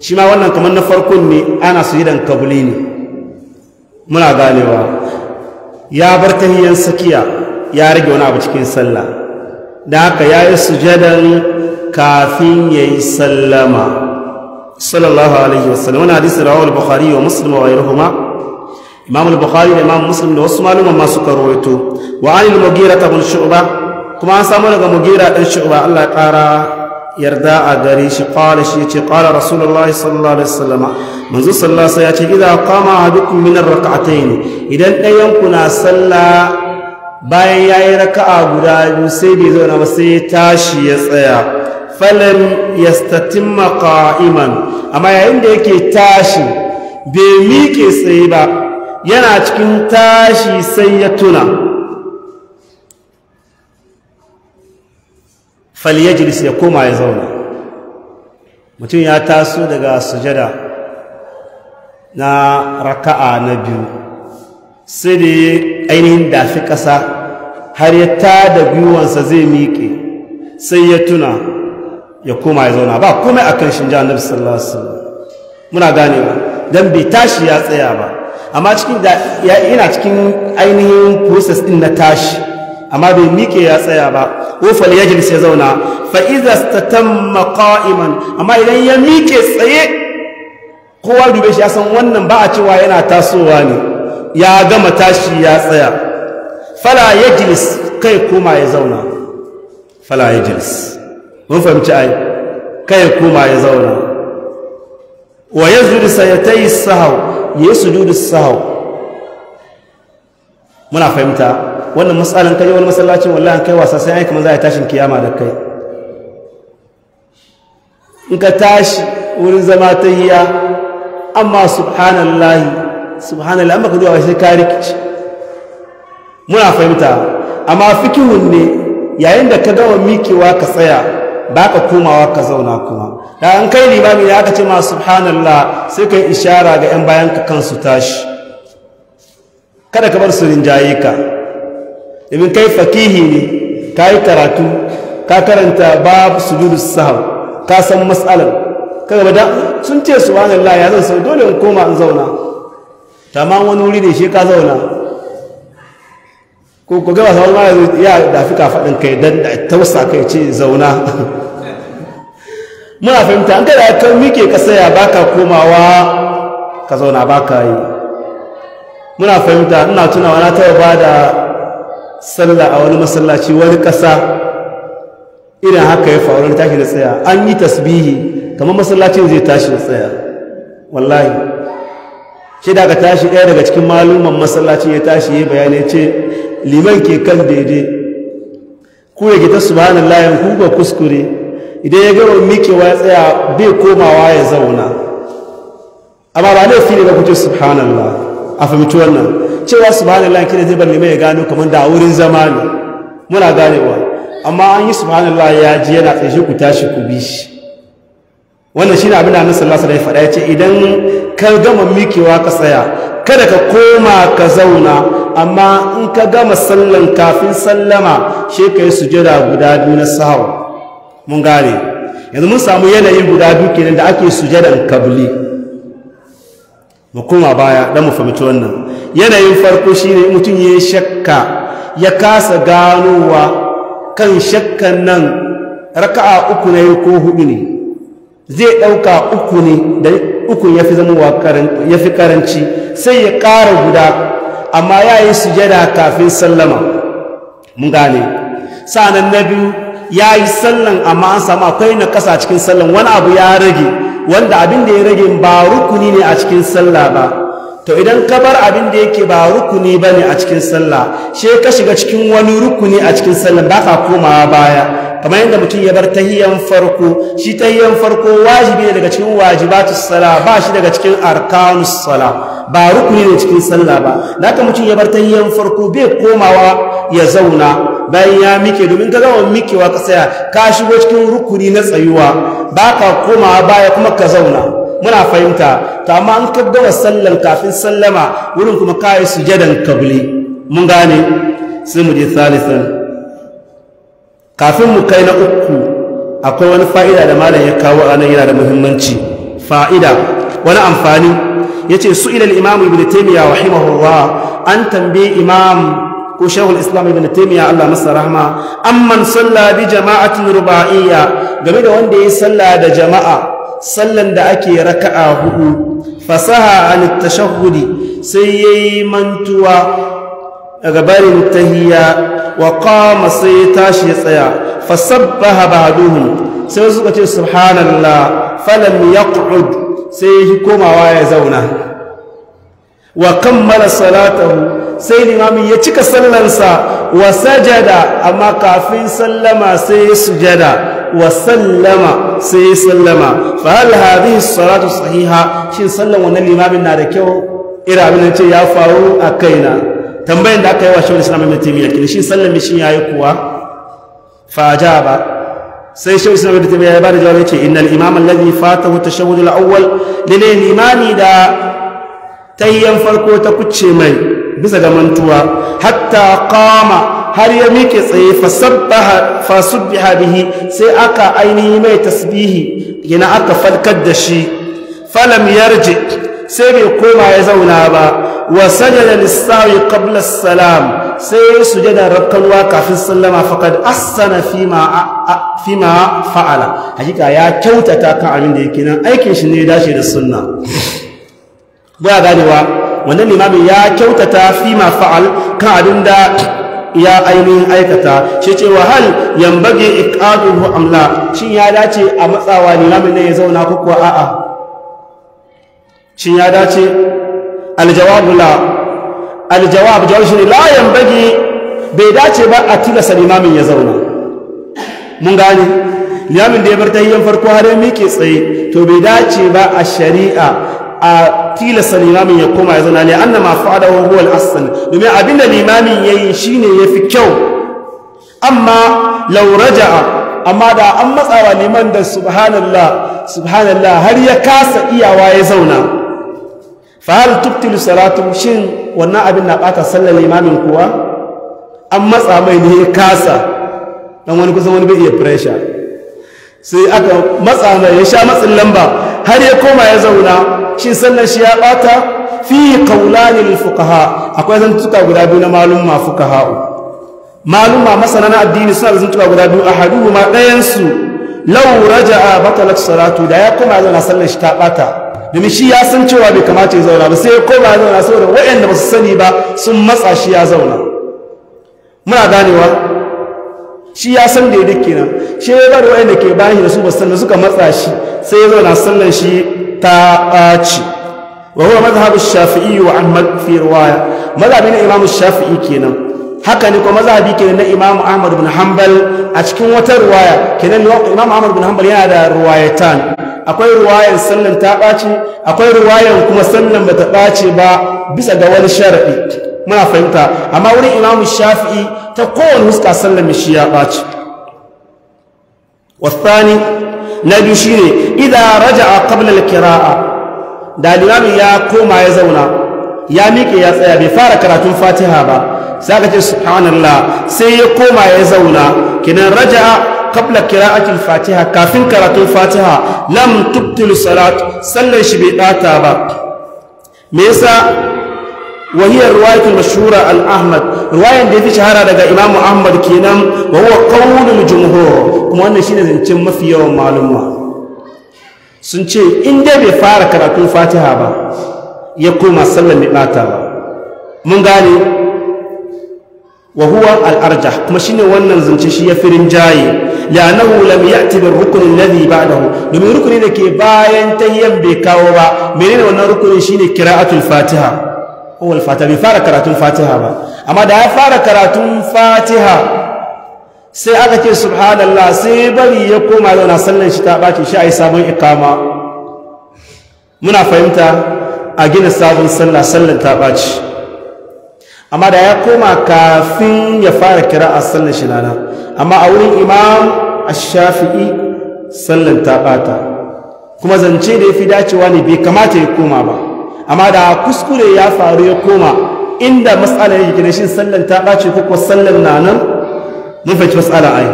shi ma wannan kamar na farkon ne ana su sujudan kabuli ne muna ganewa ya bar tahiyyan sakiya ya rage wani abu cikin sallah da haka ya yi sujadan kafin yayi sallama sallallahu alaihi wasallam wani hadisi rawar bukhari wa muslim wa ghairuhuma imam al-bukhari da imam muslim da wasu maluman ma suka rawaito wa anil mugira ta bin shu'ba kuma an samu daga mugira dan shu'ba Allah ya kara yarda a gare shi qala shi yace qala rasulullahi sallallahu alaihi wasallam manzo sallallahu alaihi yace idza qama ahadukum min idan ɗayan ku salla bayan yayi raka'a guda biyu sai bai zauna ba sai tashi ya tsaya falan yastatimma iman, amma yayin da yake tashi bai miƙe tsaye ba yana cikin tashi sai ya tuna falyajlis ya koma ya zauna mutum ya taso daga sujada na raka'a na biyu sai da ainihin dafi ƙasa har ya tada gwiwansa zai miƙe sai ya tuna ya koma ya zauna ba komai a kan shinja na sallallahu muna gane muna ganewa bai tashi ya tsaya ba amma cikin da ina cikin ainihin process din na tashi amma bai miƙe ya tsaya ba ofal ya ya zauna fa ta statamma amma idan ya miƙe tsaye kowa dube shi ya san wannan ba a cewa yana tasowa ne ya gama tashi ya tsaya fala yajlis kai koma ya zauna fala yajlis mun fahimci ai kai koma ya zauna wa yazuru sayatai sahaw ya sujudu sahaw muna fahimta wannan matsalan kai wani masallacin wallahi kai wasa sai ai kuma za a tashin kiyama da kai in ka tashi wurin zama ta hiya amma subhanallahi subhanallahi amma ka zuwa sai ka rikici muna fahimta amma fikihun ne yayin da ka gama mikewa ka tsaya baka komawa ka zauna kuma da an kai limami ne aka ce ma subhanallah sai kai ishara ga yan bayan ka kansu tashi kada ka bar su rinjaye ka domin kai fakihi ne ka yi karatu ka karanta babu sujudu sahab ka san matsalar. kada ba sun ce subhanallah ya zan sau dole in koma in zauna tamam wani wuri ne shi ka zauna ko ko gaba sauran ya dafi faɗin kai don da wasa kai ce zauna <laughs> muna fahimta an gada kan mike ka saya ka komawa ka zauna ba ka yi muna fahimta ina tunawa na taɓa ba da sallah a wani masallaci wani ƙasa irin haka ya faru tashi da tsaya an yi tasbihi kamar masallacin zai tashi da tsaya wallahi shi da tashi ɗaya daga cikin maluman masallacin ya tashi ya bayanai ce liman ke kan daidai ku ya gita subhanallahi ku ba kuskure idan ya gama mikewa ya tsaya bai komawa ya zauna amma ba laifi ne ba kuce subhanallah a fahimci wannan cewa subhanallah kina zai bar liman ya gano kamar da wurin zama ne muna ganewa amma an yi subhanallah ya ji yana tsaye ku tashi ku bi shi wannan shi shine abin da Annabi sallallahu alaihi wasallam ya faɗa ya ce idan ka gama mikewa ka tsaya kada ka koma ka zauna amma in ka gama sallan kafin sallama shi ka yi sujada guda biyu na sahau mun gane yanzu mun samu yanayi guda biyu kenan da ake sujadan kabli mu koma baya don mu fahimci wannan yanayin farko shi ne mutum ya shakka ya kasa ganowa kan shakkan nan raka'a uku ne ko hudu ne zai ɗauka uku ne da uku ya fi zamowa ya fi karanci sai ya ƙara guda amma ya yi sujada kafin sallama mun gane sa'anan na biyu ya yi sallan amma an samu akwai na ƙasa cikin sallan wani abu ya rage wanda abin da ya rage ba rukuni ne a cikin sallah ba to idan ka bar abin da yake ba rukuni ba ne a cikin sallah she ka shiga cikin wani rukuni a cikin sallah ba ka komawa baya kamar yadda mutum ya bar tahiyan farko shi tahiyan farko wajibi ne daga cikin wajibatu sallah ba shi daga cikin arkanus sallah ba rukuni ne cikin sallah ba da ka mutum ya bar tahiyan farko bai komawa ya zauna bayan ya mike domin ka zama mikewa ka tsaya ka shigo cikin rukuni na tsayuwa ba ka komawa baya kuma ka zauna muna fahimta ta amma an kaddama sallan kafin sallama wurin kuma kai sujadan kabli mun gane sai mu je salisan kafin mu kai na uku akwai wani fa'ida da malam ya kawo a nan yana da muhimmanci fa'ida wani amfani yace su ilal imam ibn taymiya rahimahullah an tambaye imam ko shehul islam ibn taymiya Allah masa rahma amman salla bi jama'atin ruba'iyya game da wanda ya salla da jama'a sallan da ake raka'a hudu fasaha an tashahhudi sai yayi mantuwa daga barin tahiyya wa qama sai tashi tsaya fasabbaha ba'duhum sai suka ce subhanallah falam yaq'ud sai komawa ya zauna wa kammala salatahu sai limami ya cika sallansa wa sajada amma kafin sallama sai ya sujada wasallama sai ya sallama fa hal hadhihi salatu sahiha shi sallan wannan limamin na da kyau ira abin ce ya faru a kaina tambayin da aka yi wa shawar islam ibn taymiya kin shin sallan mi shin yayi kuwa fa ajaba sai shawar islam ibn taymiya ya bada jawabi ce innal imam alladhi fatahu tashahhud al-awwal lil imami da tayyan farko ta kuce mai bisa ga mantuwa hatta qama har ya mike tsaye fasubbiha bihi sai aka ainihi mai tasbihi yana aka falkar da shi falam yarji sai bai koma ya zauna ba wa sajada lissawi qabla salam sai ya sujada rakkanwa kafin sallama faqad assana fi ma fa'ala hakika ya kyautata kan abin da yake nan aikin shi ne ya dace da sunna ba ganewa wannan limamin ya kyautata fi ma fa'al kan abin da ya ainihin aikata shi ce wa hal yambage iqaduhu amla shin ya dace a matsawa limamin ne ya zauna ko a'a shin ya dace aljawabu la aljawab jawab shi la yambage bai dace ba a tilasa limamin ya zauna mun gane limamin da ya bar tahiyyan farko har ya miƙe tsaye to bai dace ba a shari'a a tilasta limamin ya koma ya zana ne anna ma Domin abin ruwan asali domin abinda limamin ne ya fi kyau amma lauraja amma da an matsawa liman da subhanallah har ya kasa iyawa ya zauna fa tuktil salatun shin wannan abin na bata sallar limamin kuwa an matsa mai ne ya kasa dan wani kusan wani bai iya pressure sai aka matsa mai ya sha matsin lamba har ya koma ya zauna shi sallar shi ya bata fi qaulanil fuqaha akwai zantuka guda biyu na malumma fuqaha malumma masana na addini suna da zantuka guda biyu ma dayan su law raja'a batalat salatu da ya koma zauna sallar shi ta bata domin shi ya san cewa bai kamata ya zauna ba sai ya koma ya zauna saboda waɗanda ba su sani ba sun matsa shi ya zauna muna ganewa shi ya san da ya duk kenan shi ya bari waɗanda ke bayan da su ba sannan suka matsa shi sai ya zauna sallar shi taaci wa huwa mazhabu shafi'i wa ahmad fi riwaya mazhabi na imamu shafi'i kenan haka ne ko mazhabi kenan na imamu ahmad bin hanbal a cikin wata riwaya kenan imamu ahmad bin hanbal yana da riwayatan akwai ruwayan sallan ta ɓaci akwai ruwayan kuma sallan ba ta ba bisa ga wani sharaɗi muna fahimta amma wurin imamu shafi'i ta kowane huska sallan shi ya ɓaci wasani na biyu shine idan raja a al kiraa da limamin ya koma ya zauna ya miƙe ya tsaya bai fara karatun fatiha ba sai ka ce subhanallah sai ya koma ya zauna kinan raja qabla qira'ati al-fatiha kafin karatun fatiha lam tubtil salat sallar shi bai ɗata ba me yasa وهي الرواية المشهورة عن أحمد رواية دي في شهارة دقى إمام أحمد كينام وهو قول الجمهور كما أن شيء نزل ما في يوم معلومة سنشي إن دي بفارك كراتون فاتحة با يقول يقوم السلام بإماتا با من قالي وهو الأرجح كما شيني وانا زنشي شيء في رنجاي لأنه لم يأتي بالركن الذي بعده لم يركن إذا كي باين تهيم بكاوبا منين وانا ركن شيني كراءة الفاتحة kowal fata bai fara karatun fatiha ba amma da ya fara karatun fatiha sai aka ce subhanallah sai bari ya koma zauna sallan shi ta ɓaci shi a yi sabon ikama muna fahimta a gina sabon sallah sallan ta ɓaci amma da ya koma kafin ya fara kira a sallan shi lana, amma a wurin imam a shafi'i sallan ta ɓata kuma zance da ya fi dacewa ne bai kamata ya koma ba amma da kuskure ya faru ya koma inda matsala yake da shin sallan ta ɓace ko kuwa sallan na nan mun matsala ai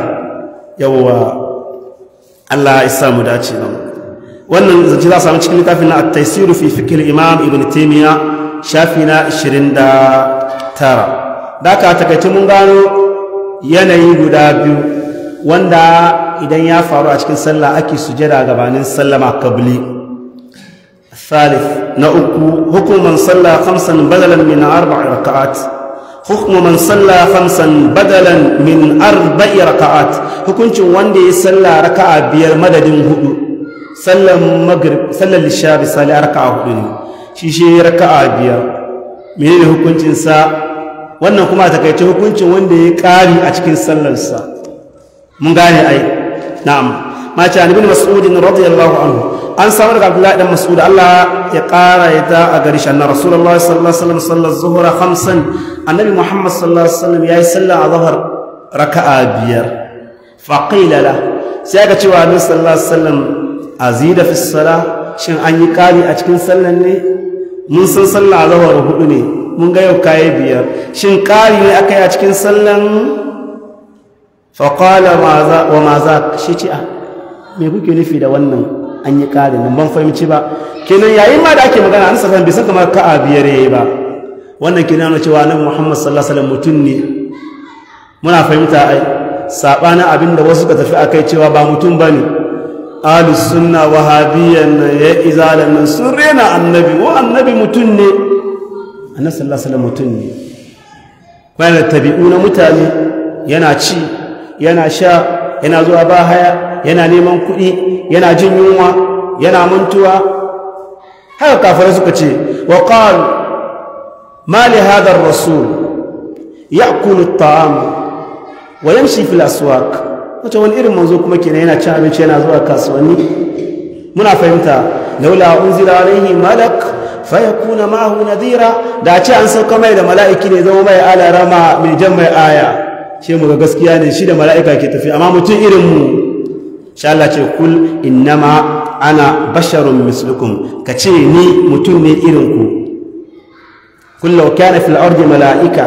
yawwa Allah ya samu dace nan wannan zance za samu cikin littafin na at fi fikr imam ibn taymiya shafi na 29 da ka takaici mun gano yanayi guda biyu wanda idan ya faru a cikin sallah ake sujada gabanin sallama kabli ثالث نأكو حكم من صلى خمسا بدلا من أربع ركعات حكم من صلى خمسا بدلا من أربع ركعات حكم وندي صلى ركعة بير مدد هدو صلى مغرب صلى الشاب صلى ركعة هدو شيشي ركعة بير menene hukuncinsa wannan kuma a takaice hukuncin wanda ya ƙari a cikin sallarsa mun gane ai na'am ma ce anibin mas'udin radiyallahu anhu an samu daga abdullahi dan mas'ud Allah ya ƙara ya da a gari shi rasulullahi sallallahu alaihi wasallam sallar zuhra khamsan annabi muhammad sallallahu alaihi wasallam yayi sallah a zahar raka'a biyar fa qila la sai ga cewa annabi sallallahu alaihi wasallam azida fi salah shin an yi ƙari a cikin sallan ne mun san sallah a hudu ne mun ga yau kai biyar shin ƙari ne aka yi a cikin sallan fa qala wa ma za shi ce a me kuke nufi da wannan an yi ƙari nan ban fahimci ba kenan yayin ma da ake magana an safan bai san kamar ka'a biyar yayi ba wannan kenan na cewa nan Muhammad sallallahu alaihi wasallam mutum ne muna fahimta ai na abinda wasu ka tafi akai cewa ba mutum bane ahlus sunna wahabiyyan ya izalan nan sun rena annabi wa annabi mutum ne annabi sallallahu alaihi wasallam mutum ne kwanar tabi'u na mutane yana ci yana sha yana zuwa ba haya yana neman kuɗi yana jin yunwa yana mantuwa haka kafirai suka ce wa ƙalu ma li hadar rasul ya'kulu taam wa 'yan shi aswaq wato wani irin manzo kuma kenan yana cin abinci yana zuwa kasuwanni muna fahimta laula unzila alaihi malak fayakuna ma'ahu nadhira da ce an sauka mai da mala'iki ne zama mai alarama mai jan mai aya Ace mu ga gaskiya ne shi da mala'ika ke tafi amma mutum irin mu sha Allah ce kul innama ana basharun mislukum ka ce ni mutum ne irin ku kul law kana fil ardi mala'ika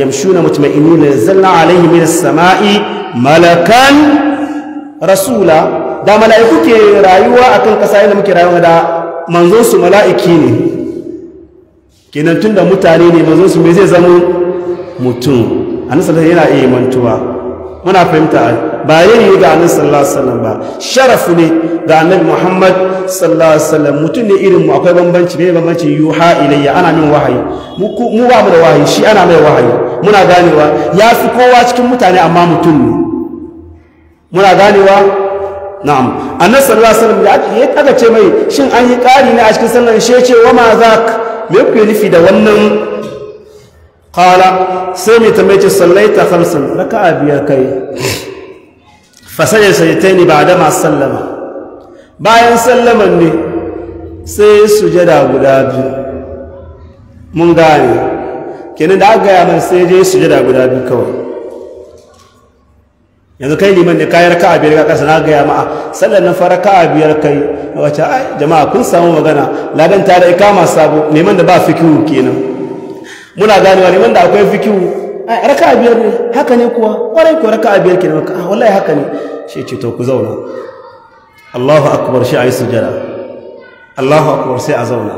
yamshuna mutma'inina zalla alayhi min as-sama'i malakan rasula da mala'iku ke rayuwa akan kasa inda muke rayuwa da manzon su mala'iki ne kenan tunda mutane ne manzon su me zai zama mutum annabi yana iya mantuwa muna fahimta ba yayi ga annabi sallallahu alaihi wasallam ba sharafu ne ga annabi Muhammad sallallahu alaihi wasallam mutum ne irin mu akwai bambanci ne bambanci yuha ilayya ana min wahayi mu ba mu da wahayi shi ana mai wahayi muna ganewa ya fi kowa cikin mutane amma mutum ne muna ganewa na'am annabi sallallahu alaihi wasallam da ya kaga ce mai shin an yi ƙari ne a cikin sallan shece ce wa ma zak me kuke nufi da wannan قال sai تميت صليت خمسا لك khamsan raka'a biyar kai fa sajada sajdataini ba'da ma sallama bayan sallaman ne sai sujada guda biyu mun gane kenan da aka gaya man yanzu kai liman ne kayar ka biyar ka kasa na gaya ma'a sallar na fara ka biyar kai wace ai jama'a kun samu magana ladan da ikama sabo neman da ba fikihu kenan muna ganewa ne wanda akwai fikiru. fikihu raka biyar ne haka ne kuwa kwarai kuwa raka biyar ke da a wallahi haka ne shi ce to ku zauna Allahu akbar shi yi sujada Allahu akbar sai a zauna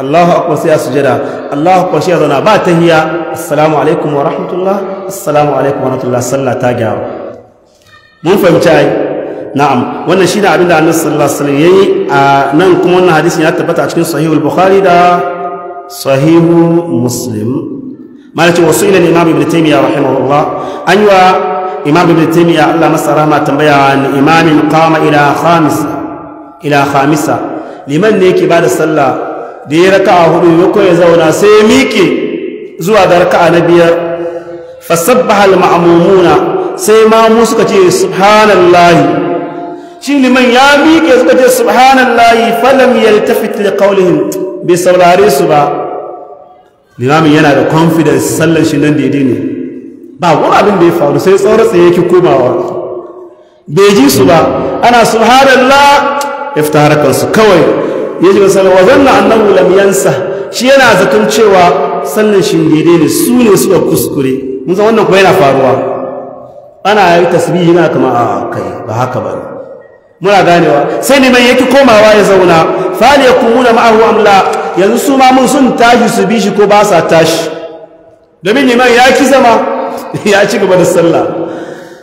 Allahu akbar sai a sujada Allahu akbar shi a zauna ba tahiyya assalamu alaikum wa rahmatullah assalamu alaikum wa rahmatullah sallah ta gyara mun fahimci ai na'am wannan shi ne abinda annabi sallallahu alaihi wasallam yayi a nan kuma wannan hadisin ya tabbata a cikin sahihul bukhari da sahihu muslim malaki wasu ilal imam ibn taymiya rahimahullah an yi wa imam ibn taymiya Allah masa rahama tambaya an imamin qama ila khamisa ila khamisa liman ne yake bada sallah da ya raka'a hudu ya koya zauna sai ya miƙe zuwa ga raka'a na biyar fasabbaha al-ma'mumuna sai ma mu suka ce subhanallahi shi liman ya miƙe suka ce subhanallahi falam yaltafit liqaulihim bi saurare su ba limamin yana da confidence sallar shi nan daidai ne ba wani abin da ya faru sai tsawar tsaye yake komawa bai ji su ba ana subhanallah iftarakansu kawai ya ji masana wajen na annan lam yansa shi yana zaton cewa sallar shi daidai ne su ne suka kuskure mun san wannan kuma yana faruwa ana yi tasbihi na kama a kai ba haka ba ne muna ganewa sai ya yake komawa ya zauna fali ya da ma'ahu amla yanzu su ma mun sun tashi su bi shi ko ba sa tashi domin mai ya ki zama <laughs> ya ci gaba da sallah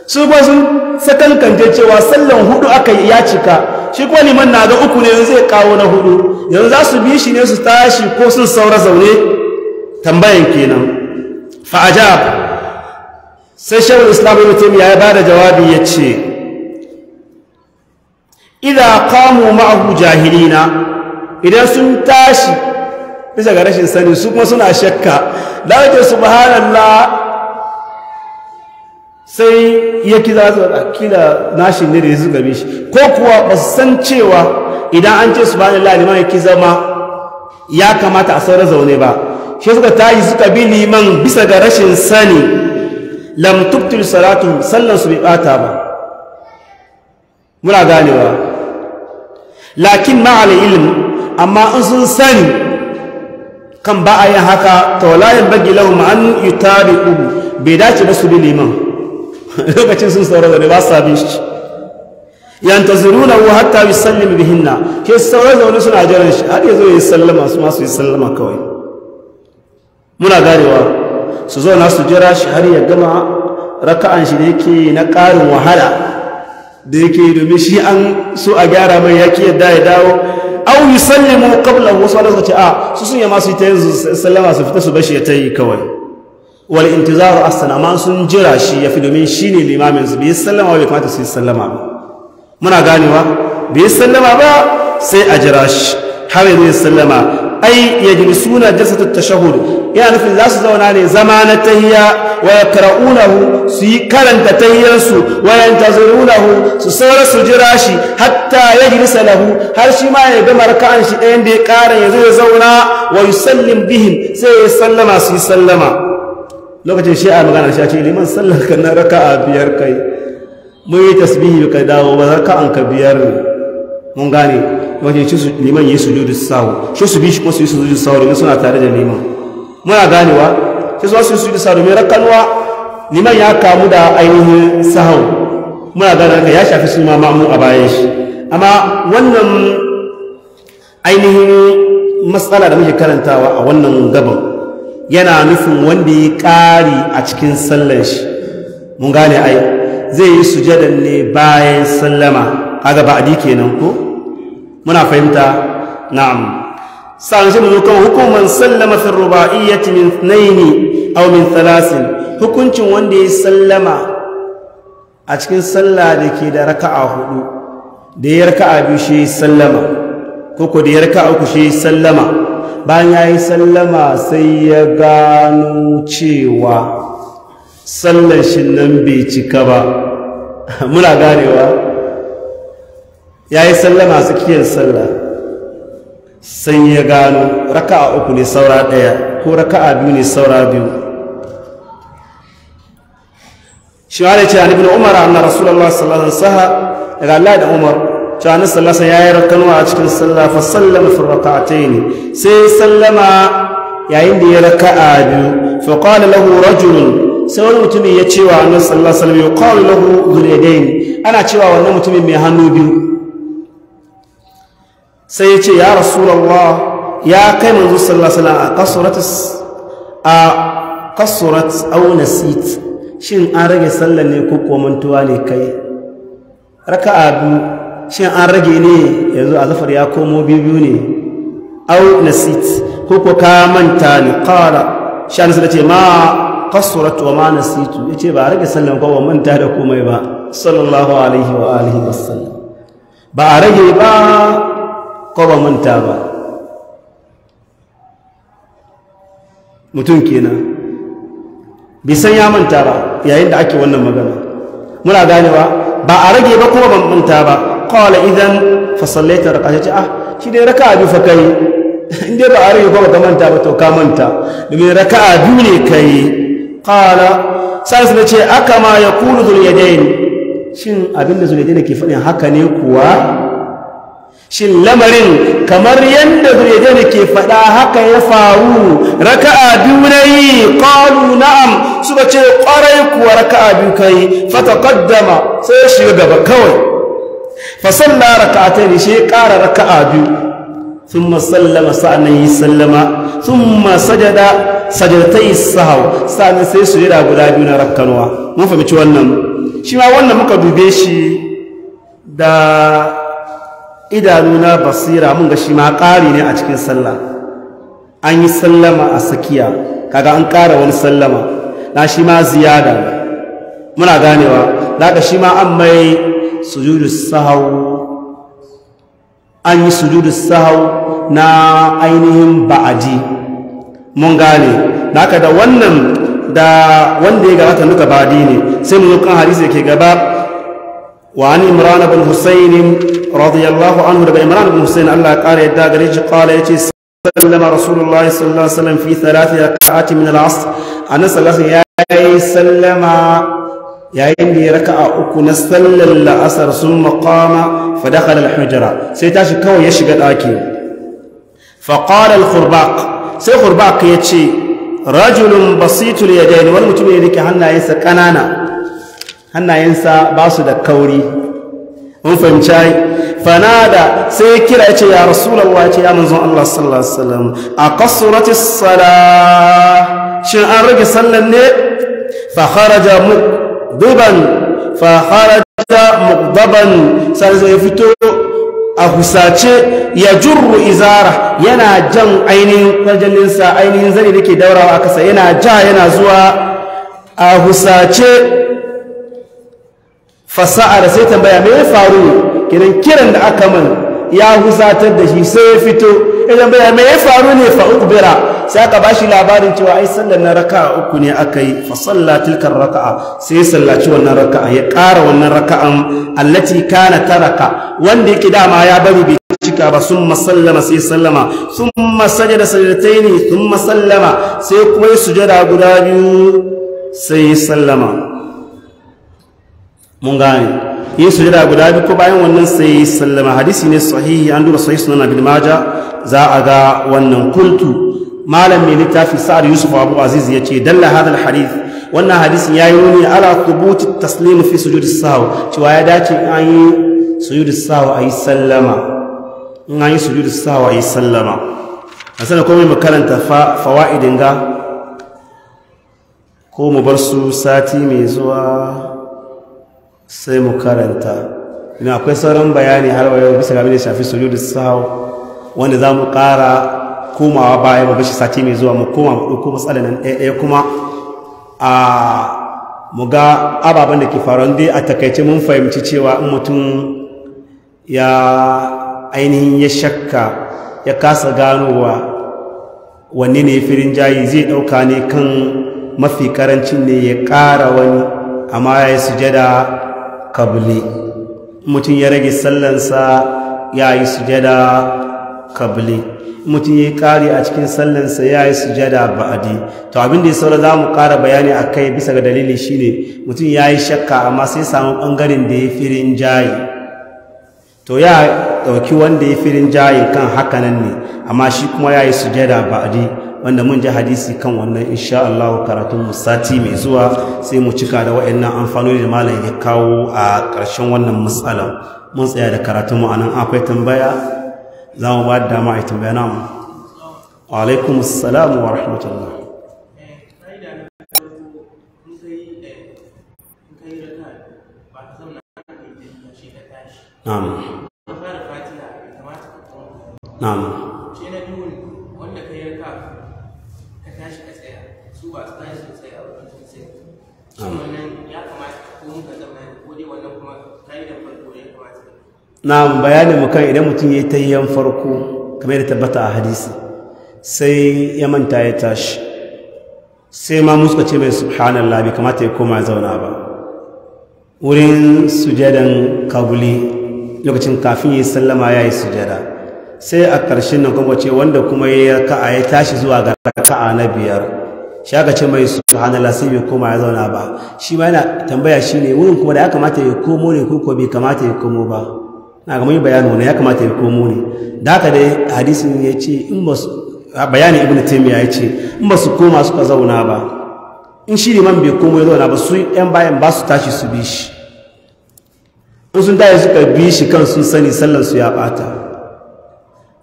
su ba sun sakankance cewa sallan hudu aka ya cika shi kuwa liman na ga uku ne zai kawo na hudu yanzu za su bi shi ne su tashi ko sun saura zaune tambayan kenan fa'ajab sai shawul islam ibn taymiya ya bada jawabi ya ce idza qamu ma'ahu jahilina idan sun tashi bisa ga rashin sani su kuma suna shakka lawaje subhanallah sai ya kiza kila nashi ne da ya zuga shi, ko kuwa ba su san cewa idan an ce subhanallah liman ya kiza ma ya kamata a saura zaune ba shi suka tashi suka bi liman bisa ga rashin sani lam tubtil salatu sallan su bai bata ba muna ganewa lakin ma'al ilim, amma in sun sani kan ba a yin haka taulayen bagi lahum an yutabi ubu bai dace ba su bi liman <laughs> lokacin sun saurara da ba su bin shi na wa hatta yusallimu bihinna ke sauran zaune suna jiran shi har yanzu yi sallama su ma su yi sallama kawai muna garewa su zo na su jira shi har ya gama raka'an shi da yake na ƙarin wahala da yake domin shi an so a gyara mai yaƙi yadda ya dawo au yi sallimu kabla wasu wani su ce a ah, su sun yama su yi ta yin sallama su fita su bashi ya ta yi kawai wal intizaru asana ma sun jira shi ya fi domin shi ne limamin su bai sallama bai kamata su yi sallama ba muna ganewa bai sallama ba sai a jira shi har yanzu ya sallama ai yajlisuna jalsata tashahhud ya nufin za su zauna ne zama na tahiyya wa yaqra'unahu su karanta tahiyyar su wa yantazirunahu su saura su jira shi hatta yajlisa lahu har shi ma ya gama raka'an shi ɗayan da ya ƙara ya zo ya zauna wa yusallim bihim sai ya sallama su yi sallama lokacin shi a magana shi a ce liman sallar ka na raka'a biyar kai mun yi tasbihi ka dawo ba raka'an ka biyar ne mun gane wajen su liman yi su judu sawo shi su bi shi kuma su yi su judu sawo domin suna tare da liman muna ganewa shi su su yi su judu sawo domin rakanuwa liman ya kamu da ainihin sahau muna gane haka ya shafi su ma ma'amu a bayan shi amma wannan ainihin matsala da muke karantawa a wannan gaban yana nufin wanda ya ƙari a cikin sallan shi mun gane ai zai yi sujadan ne bayan sallama kaga ba adi kenan ko muna fahimta na'am sa'an shi mu kuma hukuman sallama fi ruba'iyyati min thnaini aw min thalathin hukuncin wanda ya sallama a cikin sallah da ke da raka'a hudu da ya raka'a biyu shi sallama ko da ya raka'a uku shi sallama bayan ya yi sallama sai ya gano cewa sallar shi nan bai cika ba <laughs> muna ganewa ya yi sallama tsakiyar sallah sai ya gano raka'a uku ne saura ɗaya ko raka'a biyu ne saura biyu shi ma ce an ibn umar anna rasulullah sallallahu alaihi wasallam daga Allah da umar cewa annabi sallasa ya yi rakkanwa a cikin sallah fa sallama fi raka'atayn sai sallama yayin da ya raka'a biyu fa qala lahu rajulun sai wani mutumin ya cewa annabi sallallahu alaihi wasallam ya qala lahu dhuladayn ana cewa wannan mutumin mai hannu biyu sai ya ce ya rasulallah ya kai manzo sallallahu alaihi wasallam a kasurat au nasit shin an rage sallar ne ko kuwa tuwa ne kai raka'a biyu shin an rage ne yanzu azafar ya komo biyu ne auna nasit ko ko ka manta ne qala shi an ce ma kasurat wa ma nasitu yace ba rage sallan ko ba manta da komai ba sallallahu alaihi wa alihi wasallam ba a rage ba ko ba manta ba mutum kenan san ya manta ba yayin da ake wannan magana muna ganewa ba a rage ba kuma ban manta ba qala idan fa sallaita raka'a ce ah shi dai raka'a bi fa kai <laughs> in dai ba a rage ba ka manta ba to ka manta domin raka'a bi ne kai qala sai ne ce aka ma yakunu zul yadayn shin abinda zul yadayn ke faɗin haka ne kuwa shin lamarin kamar yadda zuriyar ke faɗa haka ya faru raka'a biyu na yi ƙalu na'am suka ce ƙwarai kuwa raka'a biyu ka yi fata ƙaddama sai shiga gaba kawai fasalla raka'a ta ya ƙara raka'a biyu sun masallama sa'anan yi sallama sun masajada sajadata yi sahau sa'anan sai su yada guda biyu na rakkanuwa mun fahimci wannan shi ma wannan muka dube shi da idanuna basira mun ga shi ma ƙari ne a cikin sallah an yi sallama a sakiya kaga an ƙara wani sallama na shi ma ziyada muna ganewa daga shi ma an mai sujudu sahau an yi sujudu sahau na ainihin ba'adi mun gane daga da wannan da wanda ya gabata nuka ba'adi ne sai mu kan hadisi da ke gaba وعن إمران بن حسين رضي الله عنه لبا إمران بن حسين الله قال يدى قريج قال يتي سلم رسول الله صلى الله عليه وسلم في ثلاث ركعات من العصر أنا صلى يا سلم يا إني ركعة أكو نسل الأسر ثم قام فدخل الحجرة سيتاشي كو يشق الآكي فقال الخرباق سي خرباق يتي رجل بسيط اليدين والمتمين لك هنا يسكنانا hannayensa ba su da kauri mun fahimci Fana da sai kira ce ya rasulullah ce ya manzon Allah sallallahu alaihi wasallam a qasrati salah shin an rage sallan ne fa kharaja mudban fa kharaja mudban sai zai fito a husace ya jurru izara yana jan ainihin kwajallinsa ainihin zane da ke daurawa a kasa yana ja yana zuwa a husace fasa'ar sai tambaya me ya faru kiran kiran da aka man ya husatar da shi sai ya fito ya tambaya me ya faru ne fa ukbira sai aka bashi labarin cewa ai sallar na raka'a uku ne aka yi fa salla tilkar raka'a sai sallaci wannan raka'a ya ƙara wannan raka'an allati kana taraka wanda yake dama ya bari bai cika ba sun masallama sai sallama sun masaje da sajadatai ne sun masallama sai kuma yi sujada guda biyu sai sallama mun gane yin sujada guda biyu ko bayan wannan sai sallama hadisi ne sahihi an duba sahihi sunan abin maja za a ga wannan kultu malam mai littafi sa'ad yusuf abu aziz ya ce dalla hadal hadith wannan hadisin ya yi nuni ala kubuti taslimu fi sujudi sahu cewa ya dace in an yi sujudi sahu a yi sallama in an yi sujudi a yi sallama a sanar mu fawa'idin ga ko mu bar su sati mai zuwa sai mu karanta ina akwai sauran bayani har wayo bisa ga da shafi sujudu sahu wanda za mu ƙara komawa baya mu bashi sati mai zuwa mu koma mu ɗauko matsalar nan ɗaya ɗaya kuma a mu ga ababen da ke faruwa dai a takaice mun fahimci cewa in mutum ya ainihin ya shakka ya kasa ganowa wanne ne firin jayi zai ɗauka ne kan mafi karancin ne ya ƙara wani amma ya yi sujada kabli mutum ya rage sallansa ya yi sujada kabli mutum ya yi kari a cikin sallansa ya yi sujada ba'adi to abin da ya saura za mu kara bayani a kai bisa ga dalili shine mutum ya yi shakka amma sai samun ɓangaren da ya firin jayi to ya ɗauki wanda ya firin jayi kan hakanan ne amma shi kuma ya yi sujada ba'adi wanda mun ji hadisi kan wannan insha Allah karatun musati sati mai zuwa sai mu cika da wayannan amfanoni da malam ya kawo a ƙarshen wannan matsala mun tsaya da karatun mu anan akwai tambaya za mu ba da dama a tambaya namu wa alaikum assalam wa rahmatullah Na'am. Na'am. na'am bayanin mu kan idan mutum ya yi tayyan farko kamar da tabbata a hadisi sai ya manta ya tashi sai ma muska ce mai subhanallah bai kamata ya koma zauna ba wurin sujadan kabuli lokacin kafin ya sallama ya yi sujada sai a ƙarshen nan kuma ce wanda kuma ya ka'a ya tashi zuwa ga ka'a na biyar shi aka ce mai subhanallah sai bai koma ya zauna ba shi ma yana tambaya shi ne wurin kuma da ya kamata ya komo ne ko ko bai kamata ya komo ba na ga mai bayani wannan ya kamata ya komo ne da haka dai hadisin ya ce in ba su bayani ibnu taymiya ya ce in ba su koma suka zauna ba in shi liman bai komo ya zauna ba su yan bayan ba su tashi su bi shi in sun tashi suka bi shi kan sun sani sallan su ya bata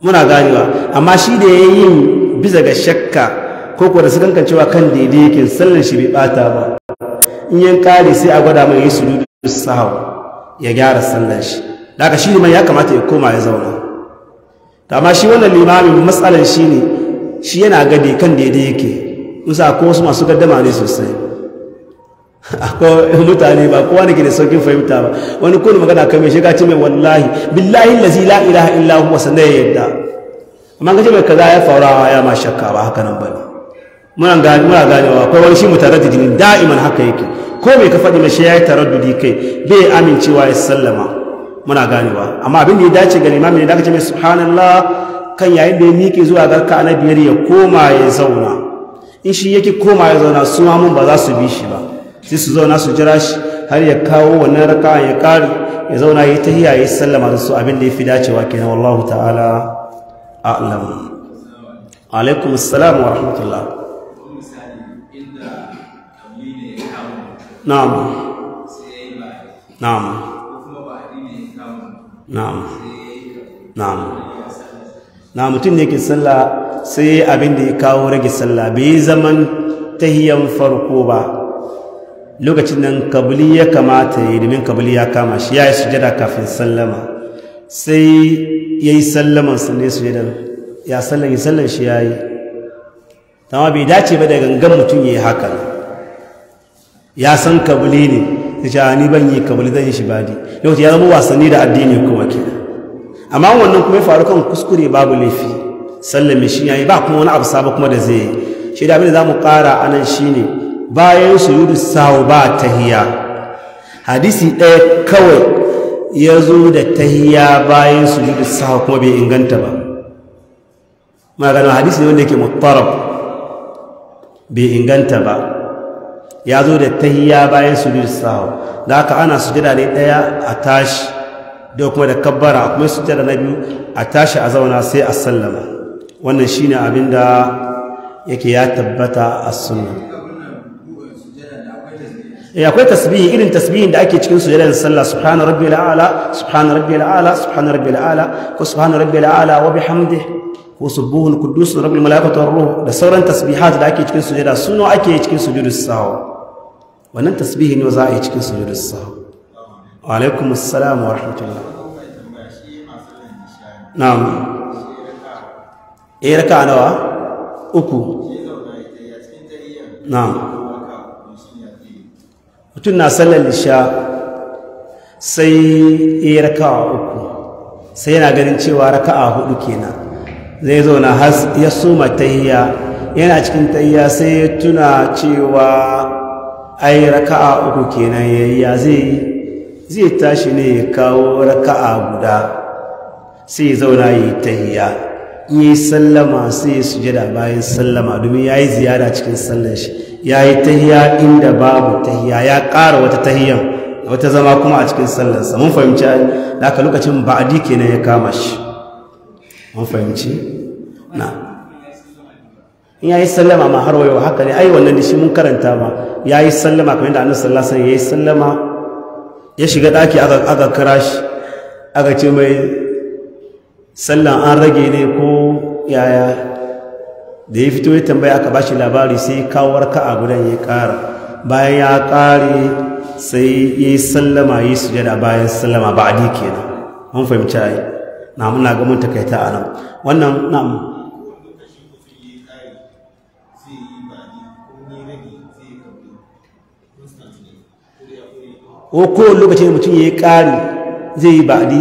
muna ganewa amma shi da ya yi bisa ga shakka ko kuwa da su kankan cewa kan daidai yake sallar shi bai bata ba in yan kare sai a gwada mai yi sujudu sahau ya gyara sallar shi daga shi liman ya kamata ya koma ya zauna ta ma shi wannan limamin matsalar shi ne shi yana gadi kan daidai yake musa ko wasu masu gaddama ne sosai <laughs> akwai mutane ba kowa ke da saukin fahimta ba wani kullu magana kan mai shiga ce mai wallahi billahi lazi la ilaha illa huwa sanaya yadda amma kace mai kaza ya faura ya ma shakka ba haka nan bane muna ganewa kai wani shi da ne da'iman haka yake ko mai ka faɗi mashi ya yi yayi taraddudi kai bai amincewa ya sallama muna ganewa amma abin da ya dace ga limamin ne da aka mai subhanallah kan yayin da ya miƙe zuwa garka na biyar ya koma ya zauna in shi yake koma ya zauna su mamun ba za su bi shi ba sai su zauna su jira shi har ya kawo wannan raka'an ya ƙari ya zauna ya ta ya sallama da su abin da ya fi dacewa kenan wallahu ta'ala a'lam alaikum assalam wa rahmatullah na'am na'am na'am na'am na mutum ne ke sallah sai abin da ya kawo rage sallah bai zaman tahiyan farko ba lokacin nan kabuli ya kamata ya yi domin kabuli ya kama shi ya yi sujada kafin sallama sai ya yi sallaman ne sujada ya sallan yi sallan shi ya yi Tama bai dace ba da gangan mutum ya yi hakan ya san kabili ne ya ce ni ban yi kabili zan yi shi badi yau ya zama wasanni da addini kuma ke amma wannan kuma ya faru kan kuskure babu laifi sallame shi yayi ba kuma wani abu sabu kuma da zai yi shi da abin da za mu kara anan shi ne bayan sujudu sawu ba tahiya hadisi ɗaya kawai ya zo da tahiya bayan sujudu sawu kuma bai inganta ba gano hadisi ne wanda yake mutarab bai inganta ba ya zo da tahiyya bayan sujud sahu da haka ana sujada ne daya a tashi da kuma da kabbara kuma sujada na biyu a tashi a zauna sai a sallama wannan shi ne abin da yake ya tabbata a suna Ya eh, kai tasbihi irin tasbihin da ake cikin sujada da sallah subhana rabbil a'la subhana rabbil a'la subhana rabbil a'la ko subhana rabbil a'la wa bihamdihi ko subuhul qudus rabbil malaikati war ruh da sauran tasbihat da ake cikin sujada suno ake cikin sujudus sahwa wannan tasbihi ne za a yi cikin sujudu sahu? wa alaikum assalam wa rahmatullah na'am eh raka nawa uku na'am mutum na sallar lisha sai eh raka'a uku sai yana ganin cewa raka'a hudu kenan zai zauna ya suma tahiya yana cikin tahiya sai ya tuna cewa ai raka'a uku kenan yayi ya zai zai tashi ne ya kawo raka'a guda sai zauna yi tahiya in yi sallama sai sujada bayan sallama domin yayi ziyara cikin sallar shi yayi tahiyya inda babu tahiyya ya ƙara wata tahiyyan wata zama kuma a cikin sa. mun fahimci da aka lokacin ba'adi kenan ya kama shi mun fahimci na in yayi sallama ma har wayo haka ne ai wannan da shi mun karanta ma yayi sallama kamar da annabi sallallahu alaihi wasallam yi sallama ya shiga daki aka aka crash aka ce mai sallan an rage ne ko yaya da ya fito ya tambaya aka bashi labari sai kawo a gudan ya kara bayan ya ƙare sai ya yi sallama ya yi sujada bayan sallama ba'adi kenan mun fahimci ai na muna ga mun takaita a nan wannan na'am ko kowane lokacin mutum ya yi ƙari zai yi ba'adi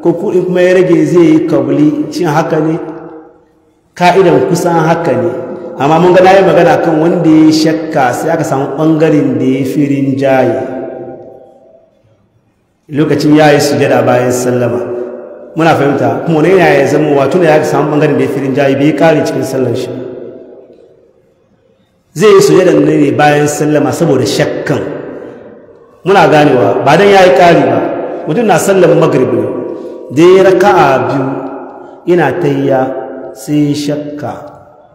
ko kuma ya rage zai yi kabuli cin haka ne ka'idan kusan haka ne amma mun gana yi magana kan wanda ya shakka sai aka samu ɓangaren da ya firin jaye lokacin ya yi sujada bayan sallama muna fahimta kuma wani yana ya zama wato da ya samu ɓangaren da ya firin jaye bai ƙari cikin sallar shi zai yi sujada ne bayan sallama saboda shakkan muna ganewa ba dan yi ƙari ba mutum na sallan magrib ne da ya raka'a biyu ina tayya sai shakka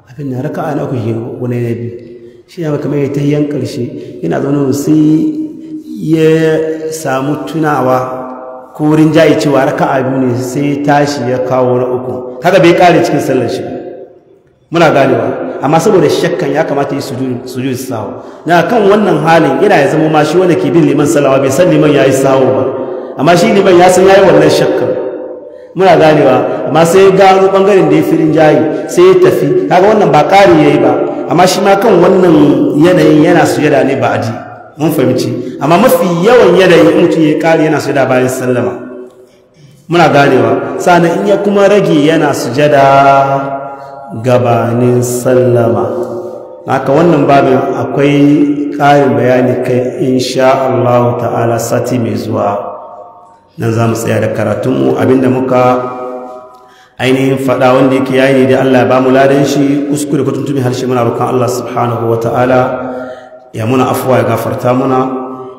abin na raka'a na uku shi wani na bi shi ya kamar ya tayyan ƙarshe yana zaune sai ya samu tunawa ko wurin jayi cewa raka'a biyu ne sai tashi ya kawo na uku kaga bai kare cikin sallar shi muna ganewa amma saboda shakkan ya kamata yi sujud sawo na kan wannan halin yana ya zama ma shi wanda ke bin liman salawa bai san liman ya yi sawo ba amma shi liman ya san ya yi wannan shakkan muna ganewa amma sai gano bangaren da ya fi jayi sai ya tafi kaga wannan ba ƙari ya yi ba amma shi ma kan wannan yanayin yana su yada ne ba aji mun fahimci amma mafi yawan yanayin mutum ya ƙari yana yada bayan sallama muna ganewa sa'an in ya kuma rage yana sujada gabanin sallama haka wannan babin akwai ƙarin bayani kai insha Allah ta'ala sati mai zuwa nan za mu tsaya da karatunmu abinda muka ainihin faɗa wanda yake yayi ne da Allah ya ba mu ladan shi kuskure ko tuntumi harshe muna roƙon Allah subhanahu wa ta'ala ya muna afuwa ya gafarta muna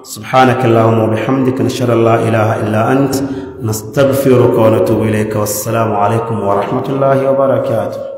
سبحانك اللهم وبحمدك نشهد ان لا اله الا انت نستغفرك ونتوب اليك والسلام عليكم ورحمه الله وبركاته